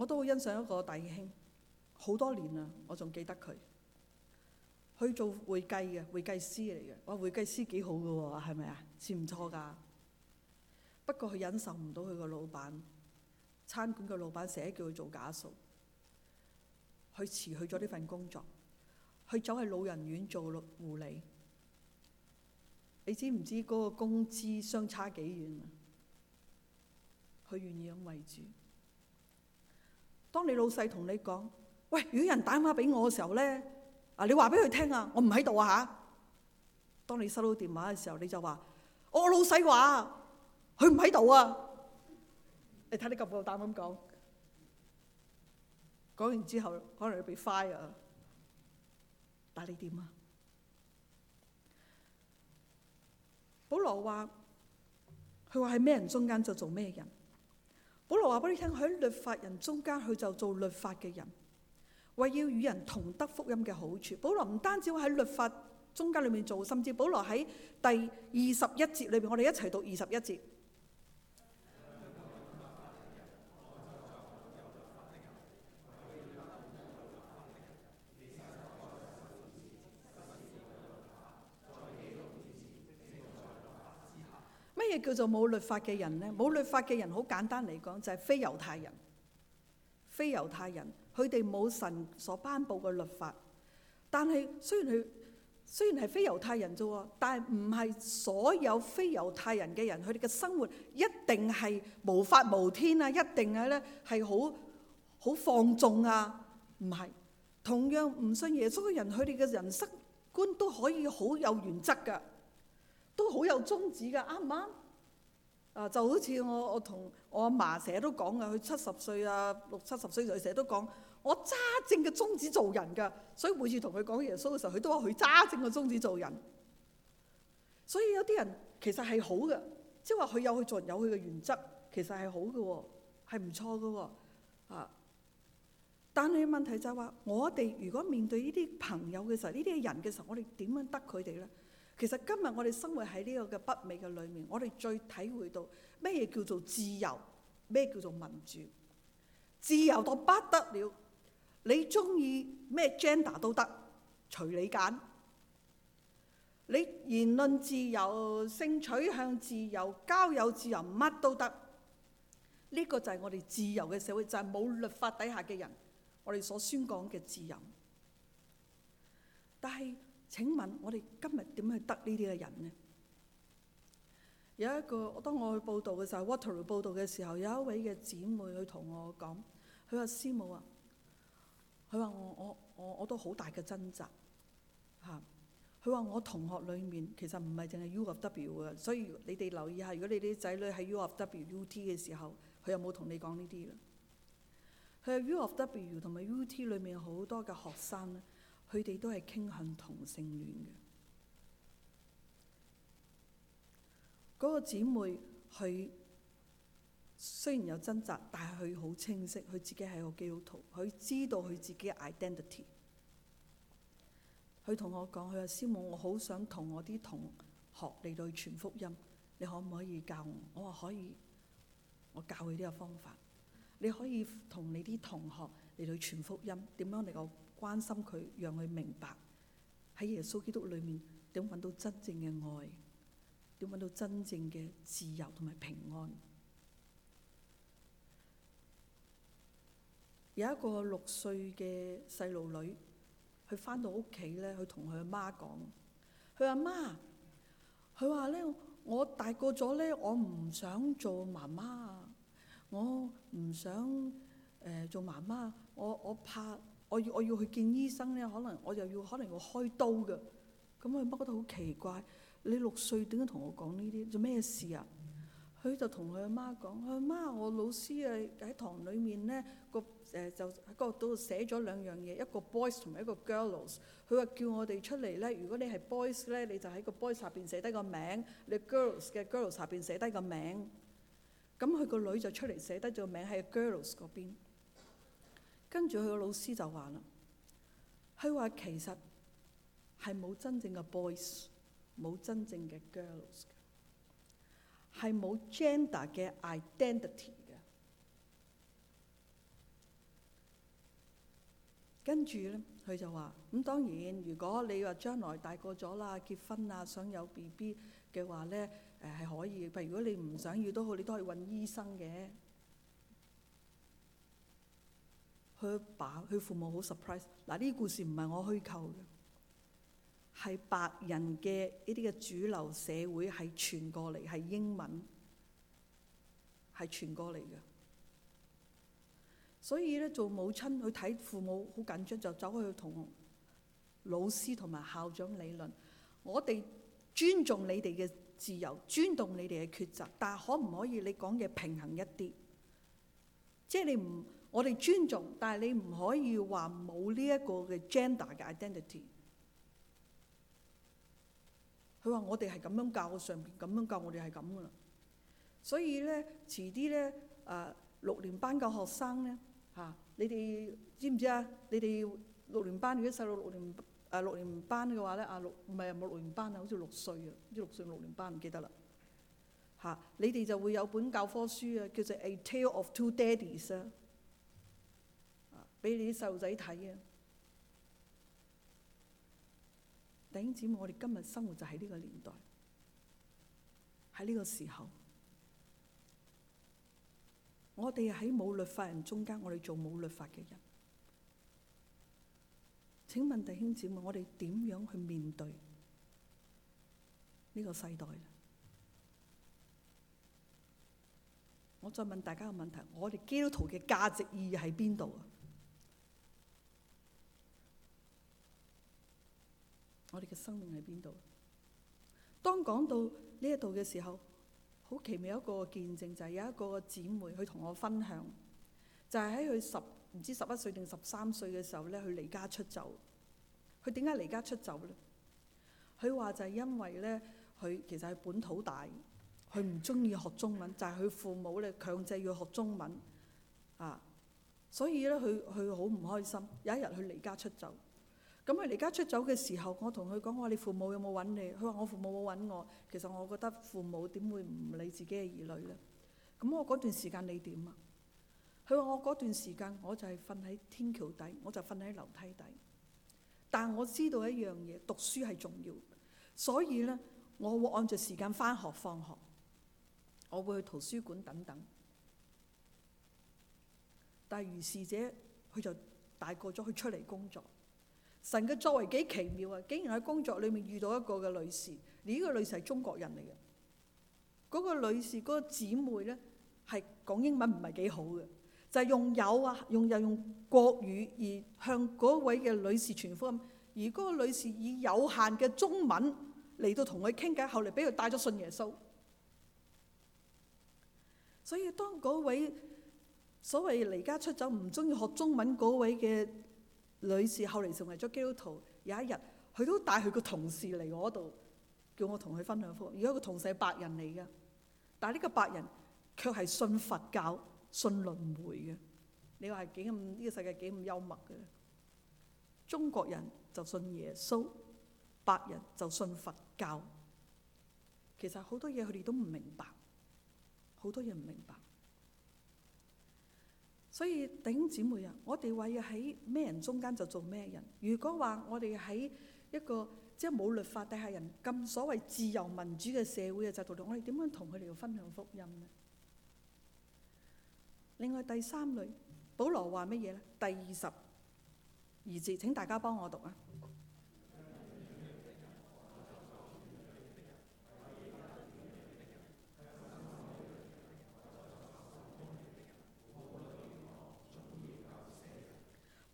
我都好欣賞一個弟兄，好多年啦，我仲記得佢。佢做會計嘅會計師嚟嘅，話會計師幾好嘅喎，係咪啊？似唔錯噶。不過佢忍受唔到佢個老闆，餐館嘅老闆成日叫佢做假數，佢辭去咗呢份工作，佢走去老人院做護理。你知唔知嗰個工資相差幾遠啊？佢願意咁為主。當你老細同你講：喂，如果人打電話俾我嘅時候咧，啊，你話俾佢聽啊，我唔喺度啊嚇！當你收到電話嘅時候，你就話：我老細話，佢唔喺度啊！你睇你夠唔夠膽咁講，講完之後可能要俾 fire，但你點啊？保羅話：佢話喺咩人中間就做咩人。保羅話俾你聽，喺律法人中間，佢就做律法嘅人，為要與人同得福音嘅好處。保羅唔單止會喺律法中間裏面做，甚至保羅喺第二十一節裏邊，我哋一齊讀二十一節。咩叫做冇律法嘅人咧？冇律法嘅人好簡單嚟講，就係非猶太人。非猶太人，佢哋冇神所頒布嘅律法。但係雖然佢雖然係非猶太人啫，但係唔係所有非猶太人嘅人，佢哋嘅生活一定係無法無天啊！一定係咧，係好好放縱啊？唔係，同樣唔信耶穌嘅人，佢哋嘅人生觀都可以好有原則噶，都好有宗旨噶，啱唔啱？啊，就好似我我同我阿嫲成日都講嘅，佢七十歲啊，六七十歲就成日都講，我揸正嘅宗旨做人㗎，所以每次同佢講耶穌嘅時候，佢都話佢揸正嘅宗旨做人。所以有啲人其實係好嘅，即係話佢有佢做人有佢嘅原則，其實係好嘅喎，係唔錯嘅喎，啊！但係問題就係話，我哋如果面對呢啲朋友嘅時候，呢啲人嘅時候，我哋點樣得佢哋咧？其實今日我哋生活喺呢個嘅北美嘅裏面，我哋最體會到咩嘢叫做自由，咩叫做民主，自由到不得了。你中意咩 gender 都得，隨你揀。你言論自由、性取向自由、交友自由，乜都得。呢個就係我哋自由嘅社會，就係冇律法底下嘅人，我哋所宣講嘅自由。但係，請問我哋今日點去得呢啲嘅人呢？有一個，當我去報道嘅時候 Waterloo 報道嘅時候，有一位嘅姐妹去同我講，佢話師母啊，佢話我我我我都好大嘅掙扎嚇。佢話我同學裡面其實唔係淨係 U of W 嘅，所以你哋留意下，如果你啲仔女喺 U of W、UT 嘅時候，佢有冇同你講呢啲啦？佢係 U of W 同埋 UT 裏面好多嘅學生咧。佢哋都係傾向同性戀嘅，嗰個姊妹佢雖然有掙扎，但係佢好清晰，佢自己係個基督徒，佢知道佢自己嘅 identity。佢同我講，佢話師母，我好想同我啲同學嚟到傳福音，你可唔可以教我？我話可以，我教佢呢個方法。你可以同你啲同學嚟到傳福音，點樣嚟講？關心佢，讓佢明白喺耶穌基督裏面點揾到真正嘅愛，點揾到真正嘅自由同埋平安。 有一個六歲嘅細路女，佢翻到屋企咧，佢同佢阿媽講：，佢阿媽，佢話咧，我大個咗咧，我唔想做媽媽，我唔想誒、呃、做媽媽，我我怕。我要我要去見醫生咧，可能我就要可能要開刀㗎，咁佢媽覺得好奇怪，你六歲點解同我講呢啲做咩事啊？佢、mm hmm. 就同佢阿媽講，佢阿媽，我老師啊喺堂裏面咧、那個誒、呃、就喺嗰度寫咗兩樣嘢，一個 boys 同埋一個 girls。佢話叫我哋出嚟咧，如果你係 boys 咧，你就喺個 boys 下邊寫低個名，你 girls 嘅 girls girl 下邊寫低個名。咁佢個女就出嚟寫低咗個名喺 girls 嗰邊。跟住佢個老師就話啦，佢話其實係冇真正嘅 boys，冇真正嘅 girls，係冇 gender 嘅 identity 嘅。跟住咧，佢就話：咁、嗯、當然，如果你話將來大個咗啦、結婚啊、想有 BB 嘅話咧，誒、呃、係可以。譬如果你唔想要都好，你都可以揾醫生嘅。佢爸佢父母好 surprise，嗱呢啲故事唔係我虛構嘅，係白人嘅呢啲嘅主流社會係傳過嚟，係英文係傳過嚟嘅。所以咧做母親去睇父母好緊張，就走去同老師同埋校長理論。我哋尊重你哋嘅自由，尊重你哋嘅抉擇，但係可唔可以你講嘅平衡一啲？即係你唔。我哋尊重，但係你唔可以話冇呢一個嘅 gender 嘅 identity。佢話我哋係咁樣教上邊，咁樣教我哋係咁噶啦。所以咧，遲啲咧，誒、呃、六年班嘅學生咧，嚇你哋知唔知啊？你哋六年班如果細路六年誒、啊、六年班嘅話咧，啊六唔係冇六年班啊，好似六歲啊，唔知六歲六年班唔記得啦。嚇、啊、你哋就會有本教科書啊，叫做《A Tale of Two Daddies》啊。俾你啲細路仔睇啊！弟兄姊妹，我哋今日生活就喺呢個年代，喺呢個時候，我哋喺冇律法人中間，我哋做冇律法嘅人。請問弟兄姊妹，我哋點樣去面對呢個世代？我再問大家一個問題：我哋基督徒嘅價值意義喺邊度？我哋嘅生命喺邊度？當講到呢一度嘅時候，好奇妙有一個見證，就係有一個姊妹佢同我分享，就係喺佢十唔知十一歲定十三歲嘅時候咧，佢離家出走。佢點解離家出走咧？佢話就係因為咧，佢其實係本土大，佢唔中意學中文，就係佢父母咧強制要學中文啊，所以咧佢佢好唔開心，有一日佢離家出走。咁佢離家出走嘅時候，我同佢講：我你父母有冇揾你？佢話我父母冇揾我。其實我覺得父母點會唔理自己嘅兒女咧？咁我嗰段時間你點啊？佢話我嗰段時間我就係瞓喺天橋底，我就瞓喺樓梯底。但我知道一樣嘢，讀書係重要。所以咧，我會按住時間翻學放學，我會去圖書館等等。但係如是者，佢就大個咗，佢出嚟工作。神嘅作為幾奇妙啊！竟然喺工作裏面遇到一個嘅女士，而呢個女士係中國人嚟嘅。嗰、那個女士嗰、那個姊妹咧係講英文唔係幾好嘅，就係、是、用有啊，用又用國語而向嗰位嘅女士傳福音。而嗰個女士以有限嘅中文嚟到同佢傾偈，後嚟俾佢帶咗信耶穌。所以當嗰位所謂離家出走唔中意學中文嗰位嘅。女士後嚟成為咗基督徒，有一日佢都帶佢個同事嚟我度，叫我同佢分享福音。而家個同事係白人嚟噶，但係呢個白人卻係信佛教、信輪迴嘅。你話係幾咁，呢個世界幾咁幽默嘅？中國人就信耶穌，白人就信佛教。其實好多嘢佢哋都唔明白，好多嘢唔明白。所以，弟兄姊妹啊，我哋話要喺咩人中間就做咩人。如果話我哋喺一個即係冇律法底下人咁所謂自由民主嘅社會嘅制度度，我哋點樣同佢哋分享福音呢？另外第三類，保羅話乜嘢咧？第二十二節，請大家幫我讀啊！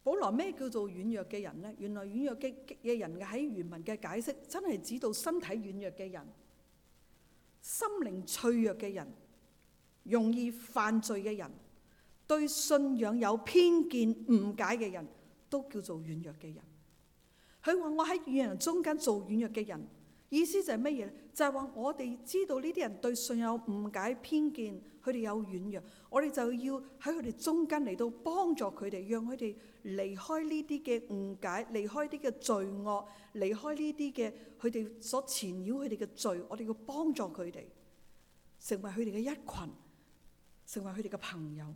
本來咩叫做軟弱嘅人呢？原來軟弱嘅嘅人嘅喺原文嘅解釋，真係指到身體軟弱嘅人、心靈脆弱嘅人、容易犯罪嘅人、對信仰有偏見誤解嘅人都叫做軟弱嘅人。佢話我喺語言中間做軟弱嘅人，意思就係乜嘢？就係、是、話我哋知道呢啲人對信仰有誤解偏見。佢哋有軟弱，我哋就要喺佢哋中間嚟到幫助佢哋，讓佢哋離開呢啲嘅誤解，離開呢啲嘅罪惡，離開呢啲嘅佢哋所纏繞佢哋嘅罪。我哋要幫助佢哋，成為佢哋嘅一群，成為佢哋嘅朋友。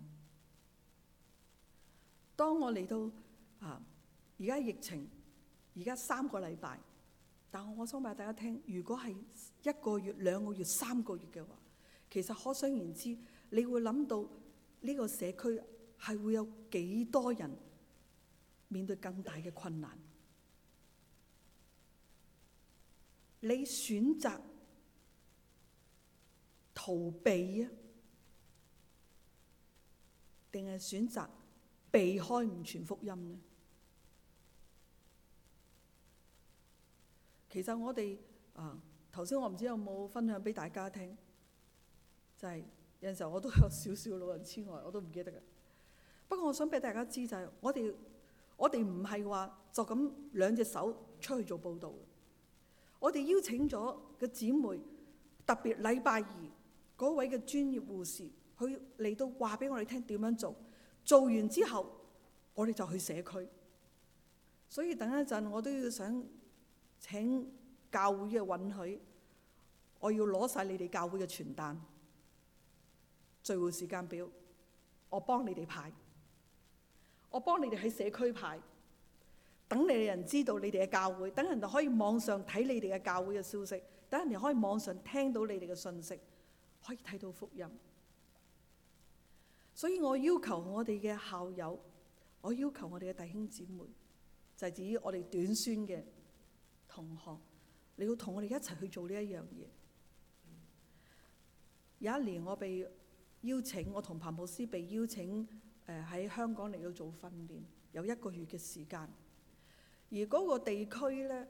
當我嚟到啊，而家疫情，而家三個禮拜，但我想話大家聽，如果係一個月、兩個月、三個月嘅話。其實可想而知，你會諗到呢個社區係會有幾多人面對更大嘅困難？你選擇逃避啊，定係選擇避開唔傳福音咧？其實我哋啊，頭先我唔知有冇分享俾大家聽。就係、是、有陣時候我都有少少老人痴呆，我都唔記得嘅。不過我想俾大家知就係、是，我哋我哋唔係話就咁兩隻手出去做報道。我哋邀請咗個姊妹，特別禮拜二嗰位嘅專業護士，佢嚟到話俾我哋聽點樣做。做完之後，我哋就去社區。所以等一陣我都要想請教會嘅允許，我要攞晒你哋教會嘅傳單。聚會時間表，我幫你哋排，我幫你哋喺社區排，等你哋人知道你哋嘅教會，等人就可以網上睇你哋嘅教會嘅消息，等人可以網上聽到你哋嘅信息，可以睇到福音。所以我要求我哋嘅校友，我要求我哋嘅弟兄姊妹，就係至於我哋短宣嘅同學，你要同我哋一齊去做呢一樣嘢。有一年我被邀請，我同彭牧師被邀請誒喺、呃、香港嚟到做訓練，有一個月嘅時間。而嗰個地區呢，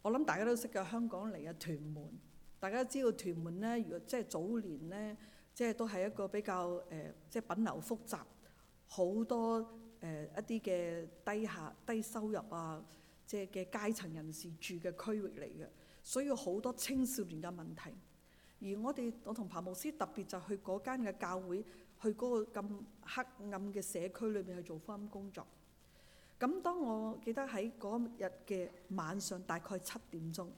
我諗大家都識嘅，香港嚟嘅屯門。大家知道屯門呢，如果即係早年呢，即係都係一個比較誒、呃，即係品流複雜，好多誒、呃、一啲嘅低下低收入啊，即係嘅階層人士住嘅區域嚟嘅，所以好多青少年嘅問題。而我哋，我同彭牧師特別就去嗰間嘅教會，去嗰個咁黑暗嘅社區裏邊去做翻工作。咁當我記得喺嗰日嘅晚上，大概七點鐘。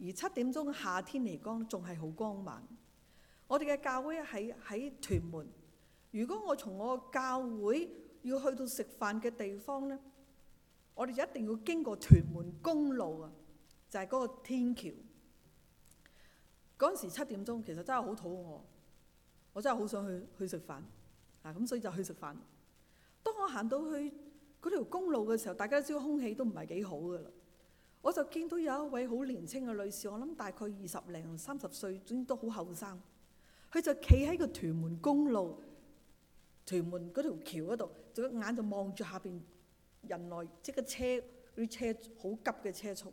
而七點鐘夏天嚟講，仲係好光猛。我哋嘅教會喺喺屯門。如果我從我教會要去到食飯嘅地方咧，我哋就一定要經過屯門公路啊，就係嗰個天橋。嗰陣時七點鐘，其實真係好肚餓，我真係好想去去食飯，啊咁所以就去食飯。當我行到去嗰條公路嘅時候，大家知道空氣都唔係幾好嘅啦，我就見到有一位好年輕嘅女士，我諗大概二十零三十歲，總之都好後生。佢就企喺個屯門公路、屯門嗰條橋嗰度，隻眼就望住下邊人來即嘅車，啲車好急嘅車速，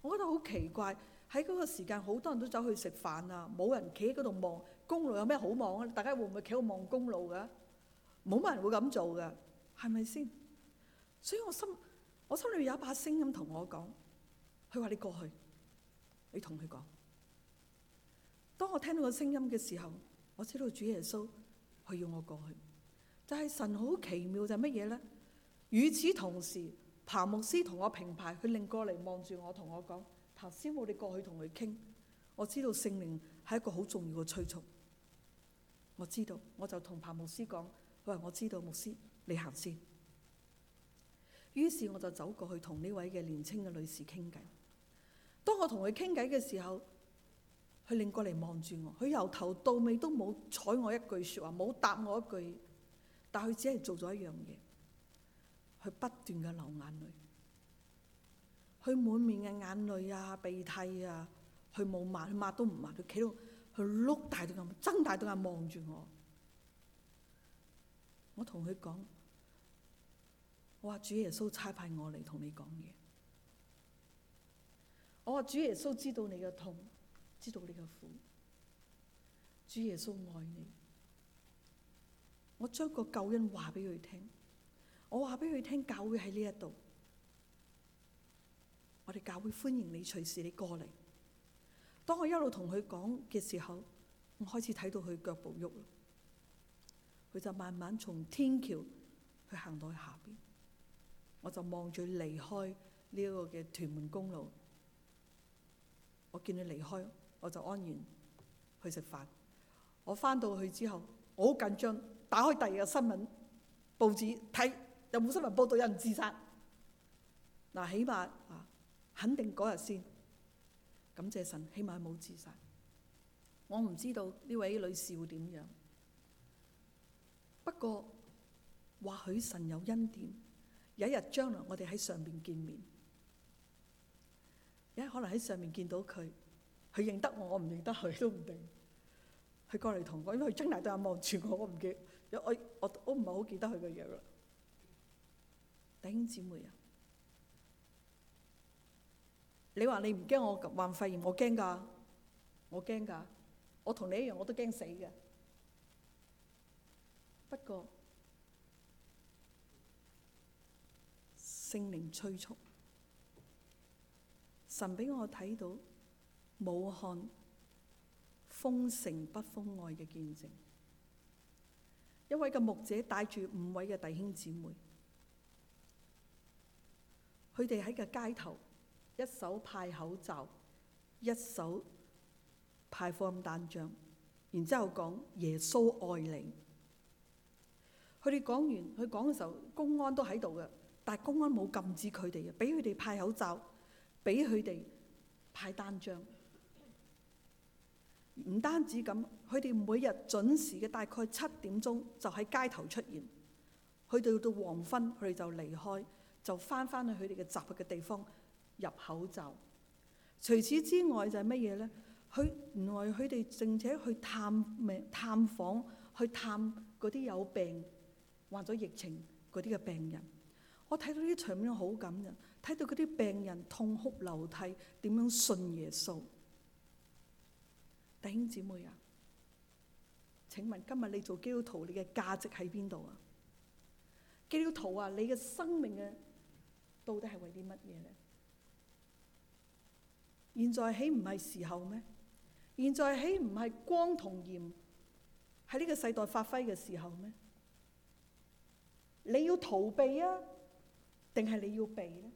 我覺得好奇怪。喺嗰個時間，好多人都走去食飯啦，冇人企喺嗰度望公路有咩好望啊！大家會唔會企度望公路噶？冇乜人會咁做嘅，係咪先？所以我心我心裏有一把聲音同我講，佢話你過去，你同佢講。當我聽到個聲音嘅時候，我知道主耶穌佢要我過去。但係神好奇妙就係乜嘢咧？與此同時，彭牧師同我平排，佢擰過嚟望住我，同我講。頭先我哋過去同佢傾，我知道聖靈係一個好重要嘅催促。我知道，我就同彭牧師講，佢話我知道，牧師你行先。於是我就走過去同呢位嘅年輕嘅女士傾偈。當我同佢傾偈嘅時候，佢擰過嚟望住我，佢由頭到尾都冇睬我一句説話，冇答我一句，但佢只係做咗一樣嘢，佢不斷嘅流眼淚。佢滿面嘅眼淚啊、鼻涕啊，佢冇抹，佢抹都唔抹，佢企到，佢碌大對眼，睜大對眼望住我。我同佢講：我話主耶穌差派我嚟同你講嘢。我話主耶穌知道你嘅痛，知道你嘅苦。主耶穌愛你。我將個救恩話俾佢聽，我話俾佢聽，教會喺呢一度。我哋教會歡迎你隨時，你過嚟。當我一路同佢講嘅時候，我開始睇到佢腳步喐，佢就慢慢從天橋去行到去下邊。我就望住離開呢一個嘅屯門公路，我見佢離開，我就安然去食飯。我翻到去之後，我好緊張，打開第二個新聞報紙睇，有冇新聞報道有人自殺？嗱，起碼啊。肯定嗰日先，感謝神，起碼冇自殺。我唔知道呢位女士會點樣，不過或許神有恩典，有一日將來我哋喺上面見面，有可能喺上面見到佢，佢認得我，我唔認得佢都唔定。佢過嚟同我，因為佢睜大對眼望住我，我唔記得，我我我唔係好記得佢個樣啦。弟兄姊妹啊！你話你唔驚我患肺炎，我驚㗎，我驚㗎，我同你一樣，我都驚死㗎。不過聖靈催促，神畀我睇到武漢封城不封愛嘅見證。一位嘅牧者帶住五位嘅弟兄姐妹，佢哋喺嘅街頭。一手派口罩，一手派福音單張，然之後講耶穌愛你。佢哋講完，佢講嘅時候，公安都喺度嘅，但係公安冇禁止佢哋嘅，俾佢哋派口罩，俾佢哋派單張。唔單止咁，佢哋每日準時嘅大概七點鐘就喺街頭出現，去到到黃昏，佢哋就離開，就翻翻去佢哋嘅集合嘅地方。入口罩。除此之外就係乜嘢咧？佢原來佢哋並且去探病探訪，去探嗰啲有病、患咗疫情嗰啲嘅病人。我睇到呢啲場面好感人，睇到嗰啲病人痛哭流涕，點樣信耶穌？弟兄姊妹啊，請問今日你做基督徒，你嘅價值喺邊度啊？基督徒啊，你嘅生命嘅、啊、到底係為啲乜嘢咧？現在起唔係時候咩？現在起唔係光同鹽喺呢個世代發揮嘅時候咩？你要逃避啊，定係你要避咧？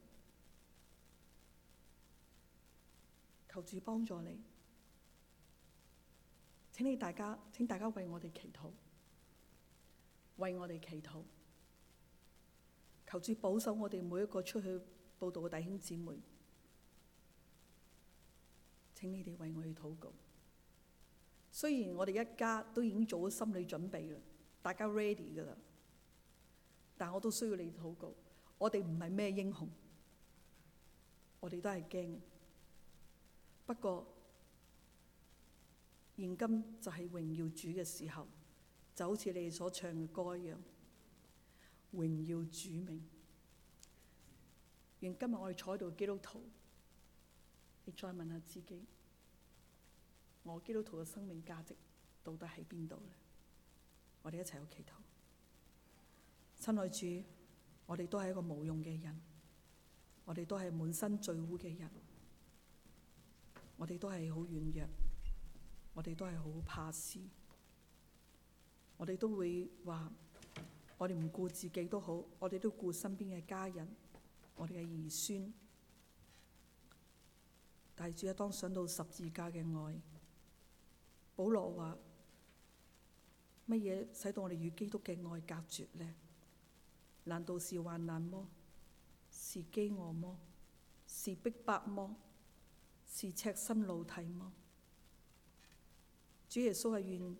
求主幫助你，請你大家，請大家為我哋祈禱，為我哋祈禱，求主保守我哋每一個出去報道嘅弟兄姊妹。請你哋為我哋禱告。雖然我哋一家都已經做好心理準備啦，大家 ready 噶啦，但我都需要你禱告。我哋唔係咩英雄，我哋都係驚。不過現今就係榮耀主嘅時候，就好似你哋所唱嘅歌一樣，榮耀主名。願今日我哋坐喺度基督徒。你再問下自己，我基督徒嘅生命價值到底喺邊度？我哋一齊去祈禱。親愛主，我哋都係一個無用嘅人，我哋都係滿身罪污嘅人，我哋都係好軟弱，我哋都係好怕事，我哋都會話，我哋唔顧自己都好，我哋都顧身邊嘅家人，我哋嘅兒孫。但係主一當想到十字架嘅愛，保羅話，乜嘢使到我哋與基督嘅愛隔絕呢？難道是患難麼？是飢餓麼？是逼迫麼？是赤身露體麼？主耶穌係願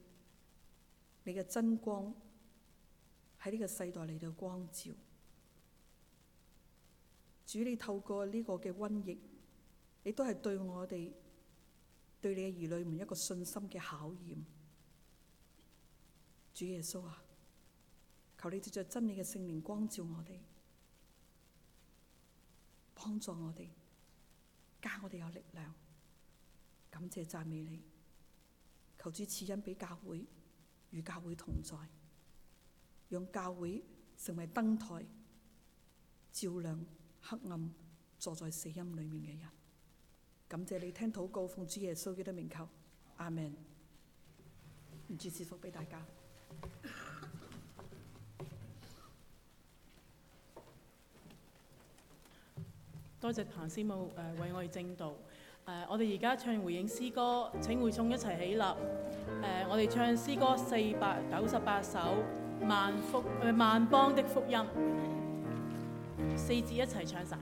你嘅真光喺呢個世代嚟到光照。主你透過呢個嘅瘟疫。你都係對我哋對你嘅兒女們一個信心嘅考驗，主耶穌啊，求你借着，着真理嘅聖靈光照我哋，幫助我哋，加我哋有力量。感謝讚美你，求主賜恩俾教會，與教會同在，讓教會成為燈台，照亮黑暗，坐在死蔭裏面嘅人。感謝你聽禱告，奉主耶穌基督名求，阿門。唔知祝福俾大家。多謝彭師母誒為我哋正道誒。我哋而家唱回應詩歌，請會眾一齊起立誒，我哋唱詩歌四百九十八首萬福誒萬邦的福音，四字一齊唱曬。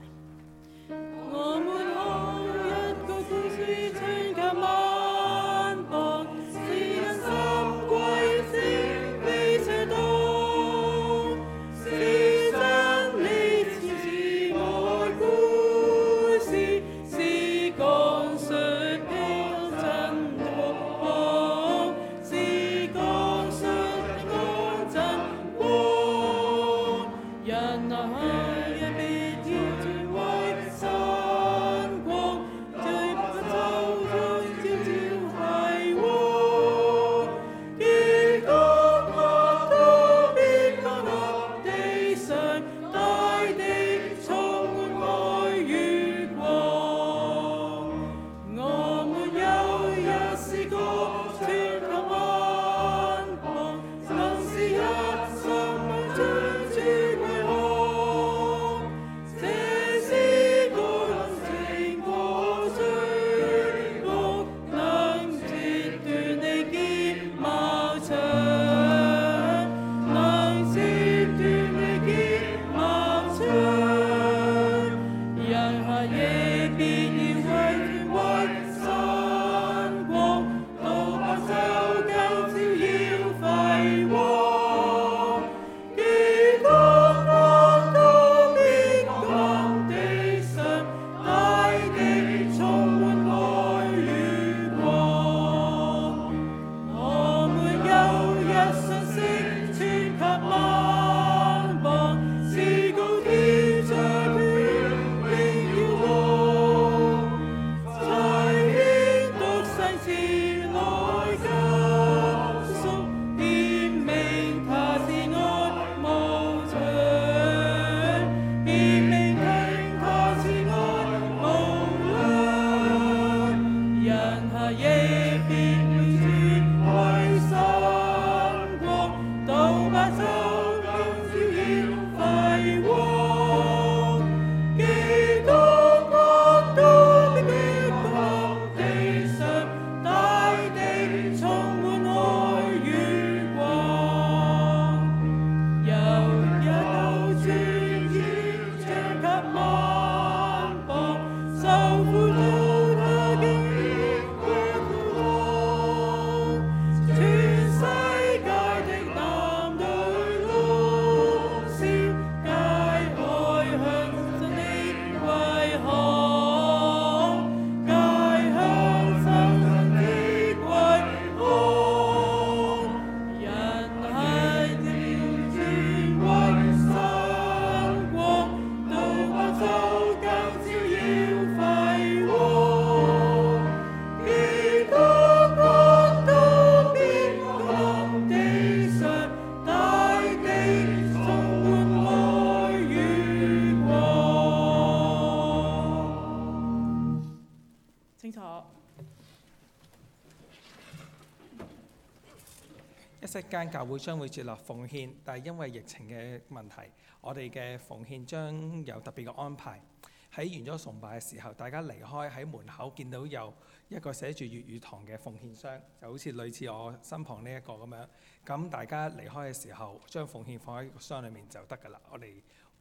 即間教會將會設立奉獻，但係因為疫情嘅問題，我哋嘅奉獻將有特別嘅安排。喺完咗崇拜嘅時候，大家離開喺門口見到有一個寫住粵語堂嘅奉獻箱，就好似類似我身旁呢一個咁樣。咁大家離開嘅時候，將奉獻放喺箱裡面就得㗎啦。我哋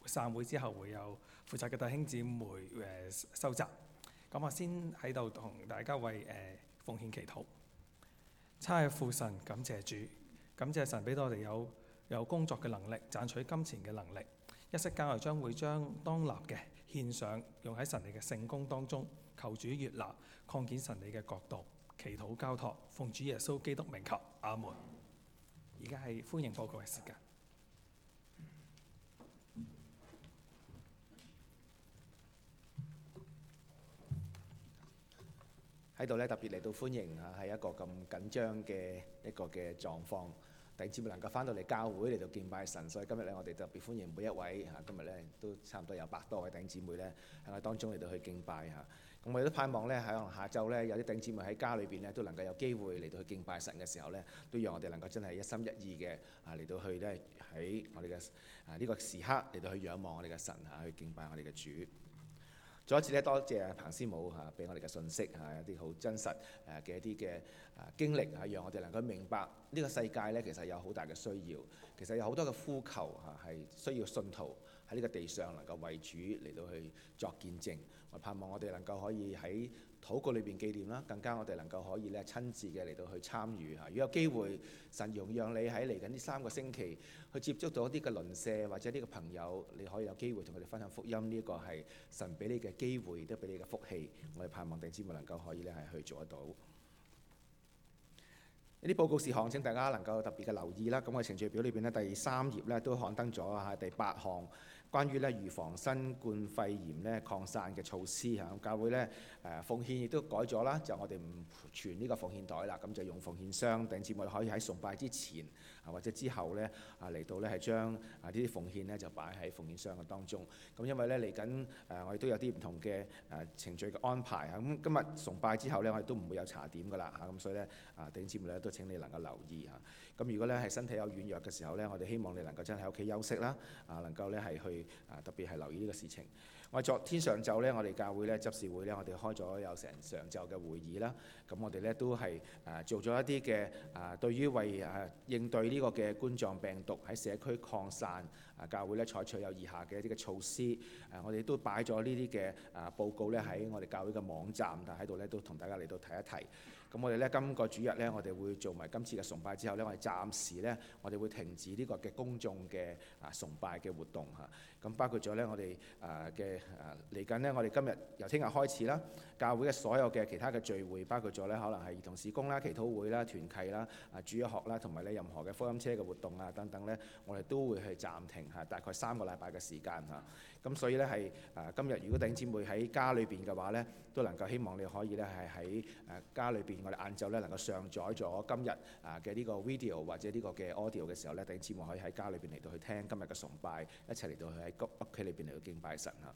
散會之後會有負責嘅弟兄姊妹收集。咁我先喺度同大家為誒奉獻祈禱。差嘅父神感謝主。感謝神俾到我哋有有工作嘅能力，賺取金錢嘅能力。一息間我哋將會將當納嘅獻上，用喺神你嘅聖工當中。求主悅納，擴建神你嘅國度。祈禱交託，奉主耶穌基督名求，阿門。而家係歡迎報告嘅時間。喺度咧特別嚟到歡迎啊！係一個咁緊張嘅一個嘅狀況，弟兄姊妹能夠翻到嚟教會，嚟到敬拜神，所以今日咧我哋特別歡迎每一位。今日咧都差唔多有百多位弟兄姊妹咧喺我當中嚟到去敬拜嚇。咁我亦都盼望咧，喺下晝咧有啲弟兄姊妹喺家裏邊咧都能夠有機會嚟到去敬拜神嘅時候咧，都讓我哋能夠真係一心一意嘅嚇嚟到去咧，喺我哋嘅啊呢個時刻嚟到去仰望我哋嘅神嚇，去敬拜我哋嘅主。再一次咧，多謝彭師母嚇，俾我哋嘅信息嚇，一啲好真實嘅一啲嘅經歷嚇，讓我哋能夠明白呢個世界咧其實有好大嘅需要，其實有好多嘅呼求嚇係需要信徒喺呢個地上能夠為主嚟到去作見證，我盼望我哋能夠可以喺禱告裏邊紀念啦，更加我哋能夠可以咧親自嘅嚟到去參與嚇。如果有機會，神容讓你喺嚟緊呢三個星期去接觸到一啲嘅鄰舍或者呢個朋友，你可以有機會同佢哋分享福音。呢個係神俾你嘅機會，亦都俾你嘅福氣。我哋盼望弟兄能夠可以咧係去做得到。呢啲報告事項，請大家能夠特別嘅留意啦。咁個程序表裏邊咧第三頁咧都刊登咗嚇第八項。關於咧預防新冠肺炎咧擴散嘅措施嚇，教會咧誒奉獻亦都改咗啦，就我哋唔傳呢個奉獻袋啦，咁就用奉獻箱，等節目可以喺崇拜之前。啊，或者之後呢，啊嚟到呢係將啊呢啲奉獻呢就擺喺奉獻箱嘅當中。咁因為呢嚟緊誒，我哋都有啲唔同嘅誒程序嘅安排嚇。咁今日崇拜之後呢，我哋都唔會有茶點噶啦嚇。咁所以呢，啊，弟兄姊妹呢都請你能夠留意嚇。咁如果呢係身體有軟弱嘅時候呢，我哋希望你能夠真係喺屋企休息啦。啊，能夠呢係去啊，特別係留意呢個事情。我昨天上晝咧，我哋教會咧執事會咧，我哋開咗有成上晝嘅會議啦。咁我哋咧都係誒做咗一啲嘅誒，對於為誒應對呢個嘅冠狀病毒喺社區擴散，誒教會咧採取有以下嘅一啲嘅措施。誒，我哋都擺咗呢啲嘅誒報告咧喺我哋教會嘅網站，但喺度咧都同大家嚟到睇一睇。咁我哋咧今個主日咧，我哋會做埋今次嘅崇拜之後咧，我哋暫時咧，我哋會停止呢個嘅公眾嘅啊崇拜嘅活動嚇。咁、啊、包括咗咧，我哋啊嘅啊嚟緊呢，我哋、啊、今日由聽日開始啦，教會嘅所有嘅其他嘅聚會，包括咗咧可能係兒童事工啦、祈禱會啦、團契啦、啊主日學啦，同埋咧任何嘅福音車嘅活動啊等等咧，我哋都會去暫停嚇、啊，大概三個禮拜嘅時間嚇。啊。咁所以呢，係誒今日，如果弟兄姊妹喺家裏邊嘅話呢，都能夠希望你可以呢係喺誒家裏邊，我哋晏晝呢能夠上載咗今日啊嘅呢個 video 或者呢個嘅 audio 嘅時候呢，弟兄姊妹可以喺家裏邊嚟到去聽今日嘅崇拜，一齊嚟到去喺屋屋企裏邊嚟到敬拜神嚇。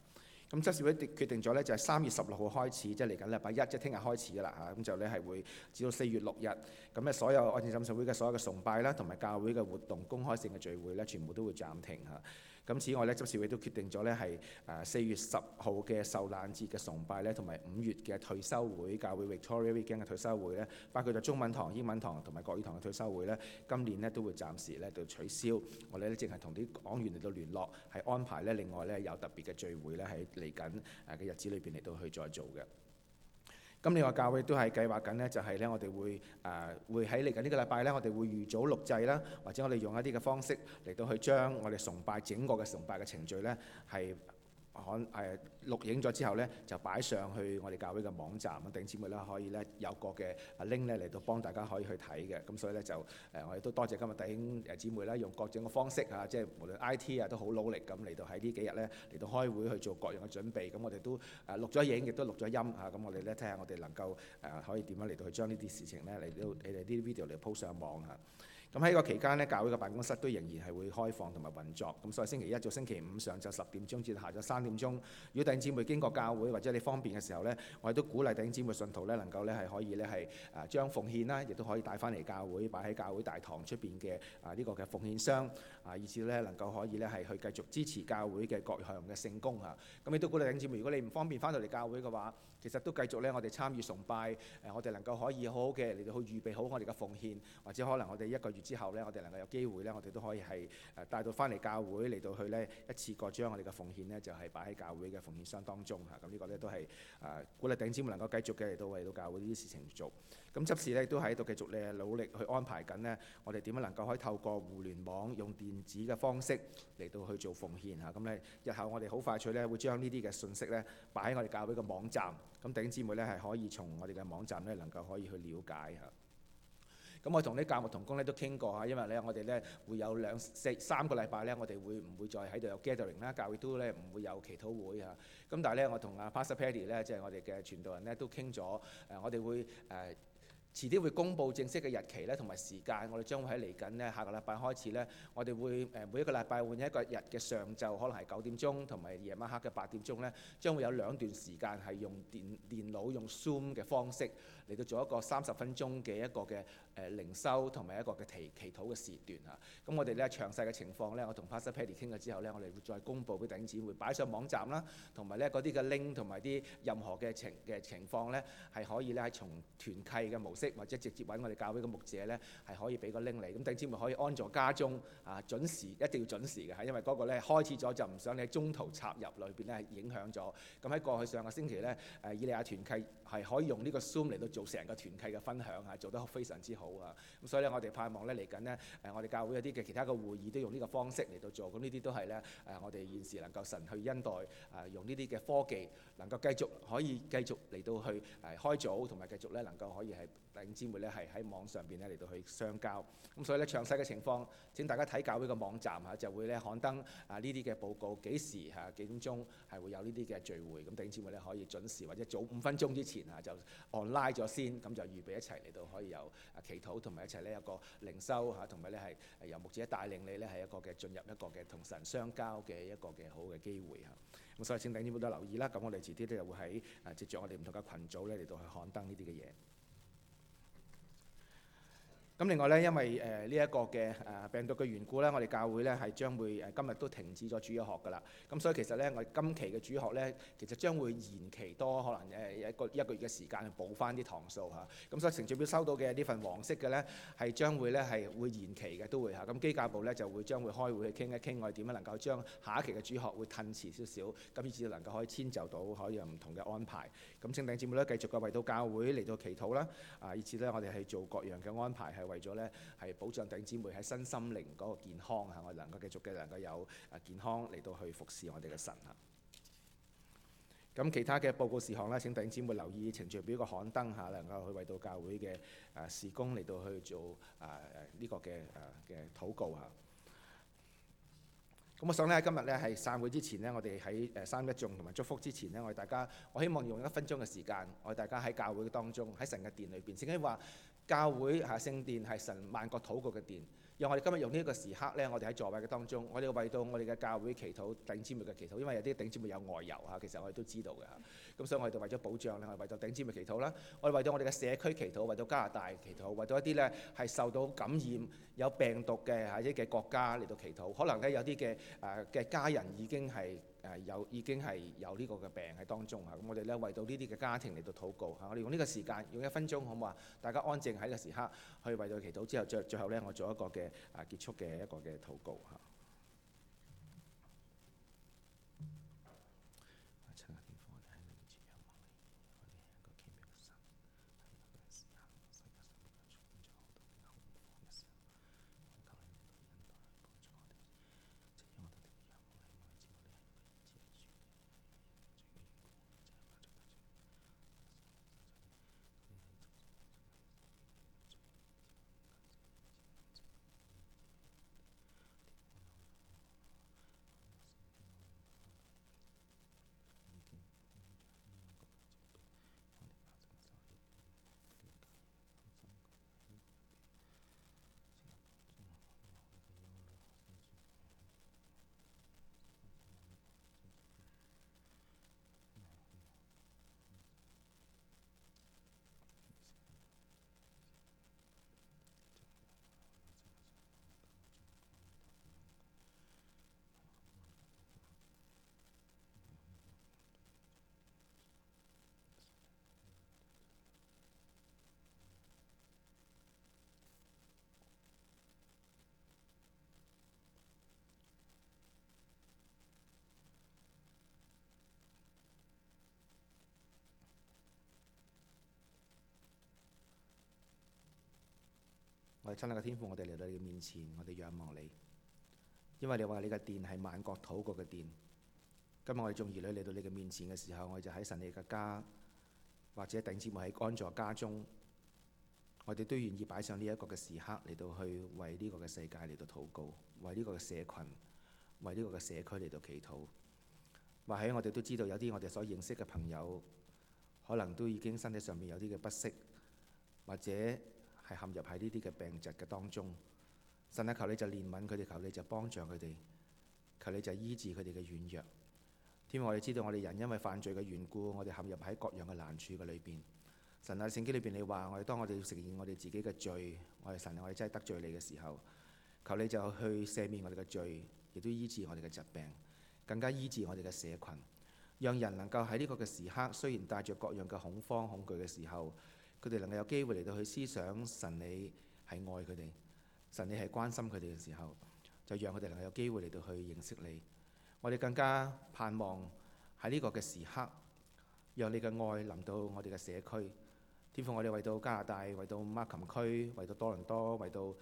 咁即時會決定咗呢，就係、是、三月十六號開始，即係嚟緊禮拜一，即係聽日開始噶啦嚇。咁就呢係會至到四月六日，咁咧所有愛城浸信會嘅所有嘅崇拜啦，同埋教會嘅活動、公開性嘅聚會呢，全部都會暫停嚇。咁此外咧，執事會都決定咗咧，係誒四月十號嘅受難節嘅崇拜咧，同埋五月嘅退休會，教會 Victoria Weekend 嘅退休會咧，包括咗中文堂、英文堂同埋國語堂嘅退休會咧，今年咧都會暫時咧就取消。我哋咧淨係同啲講員嚟到聯絡，係安排咧另外咧有特別嘅聚會咧，喺嚟緊誒嘅日子裏邊嚟到去再做嘅。咁另外教會都係計劃緊呢，就係呢，我哋會誒會喺嚟緊呢個禮拜呢，我哋會預早錄製啦，或者我哋用一啲嘅方式嚟到去將我哋崇拜整個嘅崇拜嘅程序呢。係。看誒錄影咗之後呢，就擺上去我哋教會嘅網站啊，弟兄姊妹啦，可以呢有個嘅 link 呢嚟到幫大家可以去睇嘅。咁所以呢，就誒我亦都多謝今日弟兄姐妹啦，用各種嘅方式嚇，即係無論 I T 啊都好努力咁嚟到喺呢幾日呢嚟到開會去做各樣嘅準備。咁我哋都誒錄咗影，亦都錄咗音嚇。咁我哋呢，睇下我哋能夠誒可以點樣嚟到去將呢啲事情呢，嚟到你哋啲 video 嚟鋪上網嚇。咁喺呢個期間呢，教會嘅辦公室都仍然係會開放同埋運作，咁所以星期一到星期五上晝十點鐘至下晝三點鐘，如果弟兄姊妹經過教會或者你方便嘅時候呢，我亦都鼓勵弟兄姊妹信徒呢，能夠呢係可以呢係啊將奉獻啦，亦都可以帶翻嚟教會擺喺教會大堂出邊嘅啊呢個嘅奉獻箱。啊！以致咧能夠可以咧係去繼續支持教會嘅各項嘅聖工。啊！咁亦都鼓勵弟兄姊妹，如果你唔方便翻到嚟教會嘅話，其實都繼續咧，我哋參與崇拜誒，我哋能夠可以好好嘅嚟到去預備好我哋嘅奉獻，或者可能我哋一個月之後咧，我哋能夠有機會咧，我哋都可以係誒帶到翻嚟教會嚟到去咧一次過將我哋嘅奉獻呢就係擺喺教會嘅奉獻箱當中嚇。咁呢個咧都係誒鼓勵弟兄姊妹能夠繼續嘅嚟到為到教會呢啲事情做。咁執事呢都喺度繼續咧努力去安排緊呢。我哋點樣能夠可以透過互聯網用電子嘅方式嚟到去做奉獻嚇。咁、啊、咧，日後我哋好快脆咧會將呢啲嘅信息呢擺喺我哋教會嘅網站，咁弟兄姊妹呢係可以從我哋嘅網站呢能夠可以去了解嚇。咁、啊啊、我同呢教牧同工呢都傾過嚇，因為呢，我哋呢會有兩四三個禮拜呢，我哋會唔會再喺度有 gathering 咧？教會都呢唔會有祈禱會嚇。咁、啊、但係呢、啊，我同阿 Pastor Paddy 咧，即係我哋嘅傳道人呢，都傾咗誒，我哋會誒。遲啲會公布正式嘅日期咧，同埋時間。我哋將會喺嚟緊咧，下個禮拜開始咧，我哋會誒每一個禮拜換一個日嘅上晝，可能係九點鐘，同埋夜晚黑嘅八點鐘咧，將會有兩段時間係用電電腦用 Zoom 嘅方式嚟到做一個三十分鐘嘅一個嘅。誒、呃、靈修同埋一個嘅祈祈禱嘅時段啊，咁我哋咧詳細嘅情況咧，我同 Pastor p a t t y 傾咗之後咧，我哋會再公布俾弟兄姊妹擺上網站啦，同埋咧嗰啲嘅 link 同埋啲任何嘅情嘅情況咧，係可以咧從團契嘅模式或者直接揾我哋教會嘅牧者咧，係可以俾個拎 i 你，咁弟兄姊可以安咗家中啊，準時一定要準時嘅嚇，因為嗰個咧開始咗就唔想你喺中途插入裏邊咧影響咗。咁喺過去上個星期咧，誒、啊、以利亞團契。係可以用呢個 Zoom 嚟到做成個團契嘅分享啊，做得非常之好啊！咁所以咧，我哋盼望咧嚟緊呢，誒我哋教會有啲嘅其他嘅會議都用呢個方式嚟到做，咁呢啲都係咧誒我哋現時能夠神去恩待啊，用呢啲嘅科技能夠繼續可以繼續嚟到去誒開組，同埋繼續咧能夠可以係弟兄姊妹咧係喺網上邊咧嚟到去相交。咁所以咧詳細嘅情況請大家睇教會嘅網站嚇，就會咧刊登啊呢啲嘅報告幾時嚇幾點鐘係會有呢啲嘅聚會，咁弟兄姊妹咧可以準時或者早五分鐘之前。就 online 咗先，咁就預備一齊嚟到可以有啊祈禱，同埋一齊呢有個靈修嚇，同埋呢係由牧者帶領你呢係一個嘅進入一個嘅同神相交嘅一個嘅好嘅機會嚇。咁所以請弟兄姊妹多留意啦，咁我哋遲啲呢，就會喺啊接著我哋唔同嘅群組呢嚟到去刊登呢啲嘅嘢。咁另外咧，因為誒呢一個嘅誒病毒嘅緣故咧，我哋教會咧係將會誒今日都停止咗主學㗎啦。咁所以其實咧，我哋今期嘅主學咧，其實將會延期多可能誒一個一個月嘅時間去補翻啲堂數嚇。咁所以程序表收到嘅呢份黃色嘅咧，係將會咧係會延期嘅都會嚇。咁基教部咧就會將會開會去傾一傾，我哋點樣能夠將下一期嘅主學會褪遲少少，咁以至能夠可以遷就到可以唔同嘅安排。咁請兩姊妹咧繼續嘅為到教會嚟到祈禱啦。啊，以至咧我哋係做各樣嘅安排係。為咗咧係保障弟姊妹喺身心靈嗰個健康嚇，我哋能夠繼續嘅能夠有啊健康嚟到去服侍我哋嘅神嚇。咁其他嘅報告事項咧，請弟姊妹留意。程序表個刊登，嚇，能夠去為到教會嘅啊事工嚟到去做，呃這個、啊呢個嘅啊嘅禱告嚇。咁、嗯、我想咧今日咧係散會之前呢，我哋喺誒三一眾同埋祝福之前呢，我哋大家我希望用一分鐘嘅時間，我哋大家喺教會嘅當中喺神嘅殿裏邊，請佢話。教會嚇聖殿係神萬國禱告嘅殿，由我哋今日用呢一個時刻咧，我哋喺座位嘅當中，我哋為到我哋嘅教會祈禱頂尖嘅祈禱，因為有啲頂尖牧有外遊嚇，其實我哋都知道嘅咁所以我哋就為咗保障咧，我哋為到頂尖嘅祈禱啦，我哋為到我哋嘅社區祈禱，為到加拿大祈禱，為到一啲咧係受到感染有病毒嘅嚇啲嘅國家嚟到祈禱，可能咧有啲嘅誒嘅家人已經係。係有已經係有呢個嘅病喺當中嚇，咁、啊、我哋咧為到呢啲嘅家庭嚟到禱告嚇、啊，我哋用呢個時間用一分鐘好唔好啊？大家安靜喺個時刻去為到祈禱，之後最最後咧我做一個嘅啊結束嘅一個嘅禱告嚇。啊親愛嘅天父，我哋嚟到你嘅面前，我哋仰望你。因為你話你個殿係萬國禱告嘅殿，今日我哋眾兒女嚟到你嘅面前嘅時候，我哋就喺神你嘅家，或者頂尖我喺安坐家中，我哋都願意擺上呢一個嘅時刻嚟到去為呢個嘅世界嚟到禱告，為呢個嘅社群，為呢個嘅社區嚟到祈禱。或許我哋都知道有啲我哋所認識嘅朋友，可能都已經身體上面有啲嘅不適，或者，係陷入喺呢啲嘅病疾嘅當中，神啊，求你就憐憫佢哋，求你就幫助佢哋，求你就醫治佢哋嘅軟弱。因為我哋知道我哋人因為犯罪嘅緣故，我哋陷入喺各樣嘅難處嘅裏邊。神啊，聖經裏邊你話，我哋當我哋要承認我哋自己嘅罪，我哋神，我哋真係得罪你嘅時候，求你就去赦免我哋嘅罪，亦都醫治我哋嘅疾病，更加醫治我哋嘅社群，讓人能夠喺呢個嘅時刻，雖然帶着各樣嘅恐慌、恐懼嘅時候。佢哋能夠有機會嚟到去思想神你係愛佢哋，神你係關心佢哋嘅時候，就讓佢哋能夠有機會嚟到去認識你。我哋更加盼望喺呢個嘅時刻，讓你嘅愛臨到我哋嘅社區。天父，我哋為到加拿大，為到馬琴區，為到多倫多，為到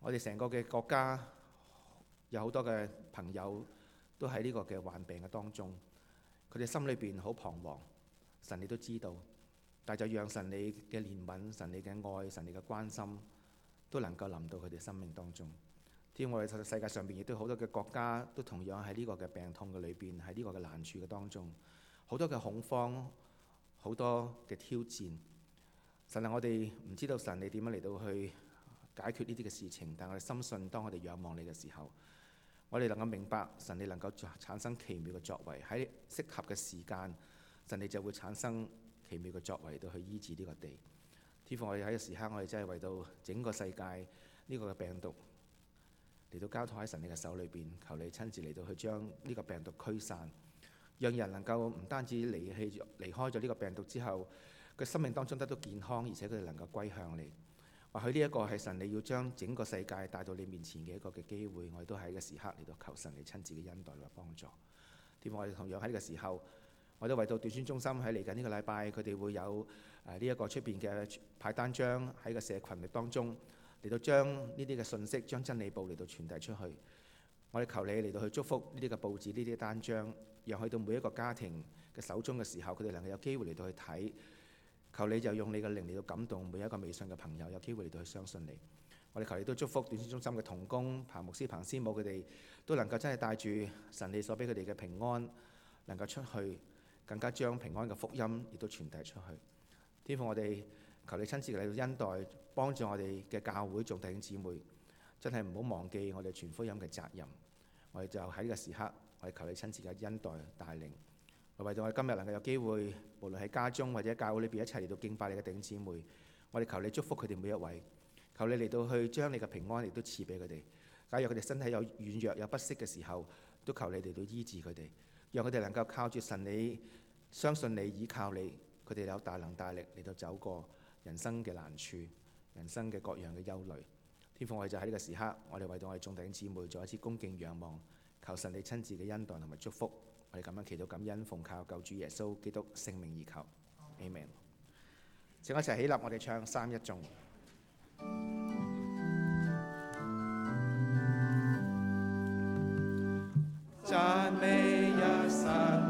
我哋成個嘅國家，有好多嘅朋友都喺呢個嘅患病嘅當中，佢哋心裏邊好彷徨。神你都知道。但就讓神你嘅憐憫，神你嘅愛，神你嘅關心，都能夠臨到佢哋生命當中。添，我哋世界上邊亦都好多嘅國家，都同樣喺呢個嘅病痛嘅裏邊，喺呢個嘅難處嘅當中，好多嘅恐慌，好多嘅挑戰。神啊，我哋唔知道神你點樣嚟到去解決呢啲嘅事情，但我哋深信，當我哋仰望你嘅時候，我哋能夠明白神你能夠產生奇妙嘅作為，喺適合嘅時間，神你就會產生。奇妙嘅作為，到去醫治呢個地。天父，我哋喺個時刻，我哋真係為到整個世界呢個嘅病毒嚟到交託喺神你嘅手裏邊，求你親自嚟到去將呢個病毒驅散，讓人能夠唔單止離棄離開咗呢個病毒之後，佢生命當中得到健康，而且佢哋能夠歸向你。或許呢一個係神你要將整個世界帶到你面前嘅一個嘅機會，我哋都喺個時刻嚟到求神你親自嘅恩待同埋幫助。天父，我哋同樣喺呢個時候。我都為到短宣中心喺嚟緊呢個禮拜，佢哋會有誒呢、呃這個、一個出邊嘅派單張喺個社群裡當中，嚟到將呢啲嘅信息、將真理報嚟到傳遞出去。我哋求你嚟到去祝福呢啲嘅報紙、呢啲單張，又去到每一個家庭嘅手中嘅時候，佢哋能夠有機會嚟到去睇。求你就用你嘅靈嚟到感動每一個未信嘅朋友，有機會嚟到去相信你。我哋求你都祝福短宣中心嘅同工彭牧師、彭師母，佢哋都能夠真係帶住神你所俾佢哋嘅平安，能夠出去。更加將平安嘅福音亦都傳遞出去，天父我哋求你親自嚟到恩待幫助我哋嘅教會眾弟兄姊妹，真係唔好忘記我哋傳福音嘅責任。我哋就喺呢個時刻，我哋求你親自嘅恩待帶領，為到我哋今日能夠有機會，無論喺家中或者教會裏邊一齊嚟到敬拜你嘅弟兄姊妹，我哋求你祝福佢哋每一位，求你嚟到去將你嘅平安亦都賜俾佢哋。假如佢哋身體有軟弱有不適嘅時候，都求你嚟到醫治佢哋，讓佢哋能夠靠住神你。相信你依靠你，佢哋有大能大力嚟到走過人生嘅難處，人生嘅各樣嘅憂慮。天父，我哋就喺呢個時刻，我哋為到我哋眾弟兄姊妹做一次恭敬仰望，求神你親自嘅恩待同埋祝福。我哋咁樣祈禱感恩奉靠救主耶穌基督聖名而求，起名 Amen。請一齊起，起立，我哋唱三一頌。讚美一生。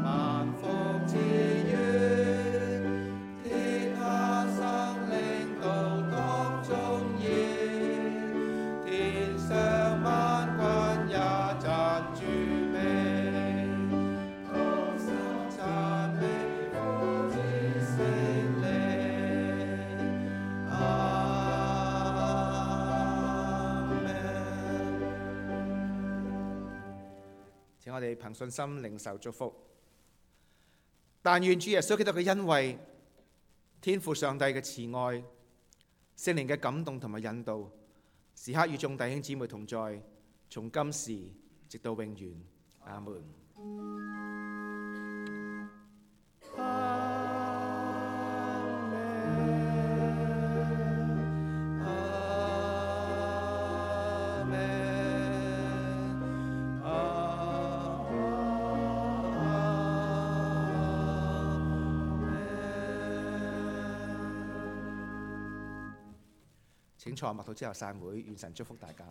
憑信心領受祝福，但願主耶穌基督嘅恩惠，天父上帝嘅慈愛，聖靈嘅感動同埋引導，時刻與眾弟兄姊妹同在，從今時直到永遠。阿門。阿坐下默禱之後，散會，願神祝福大家。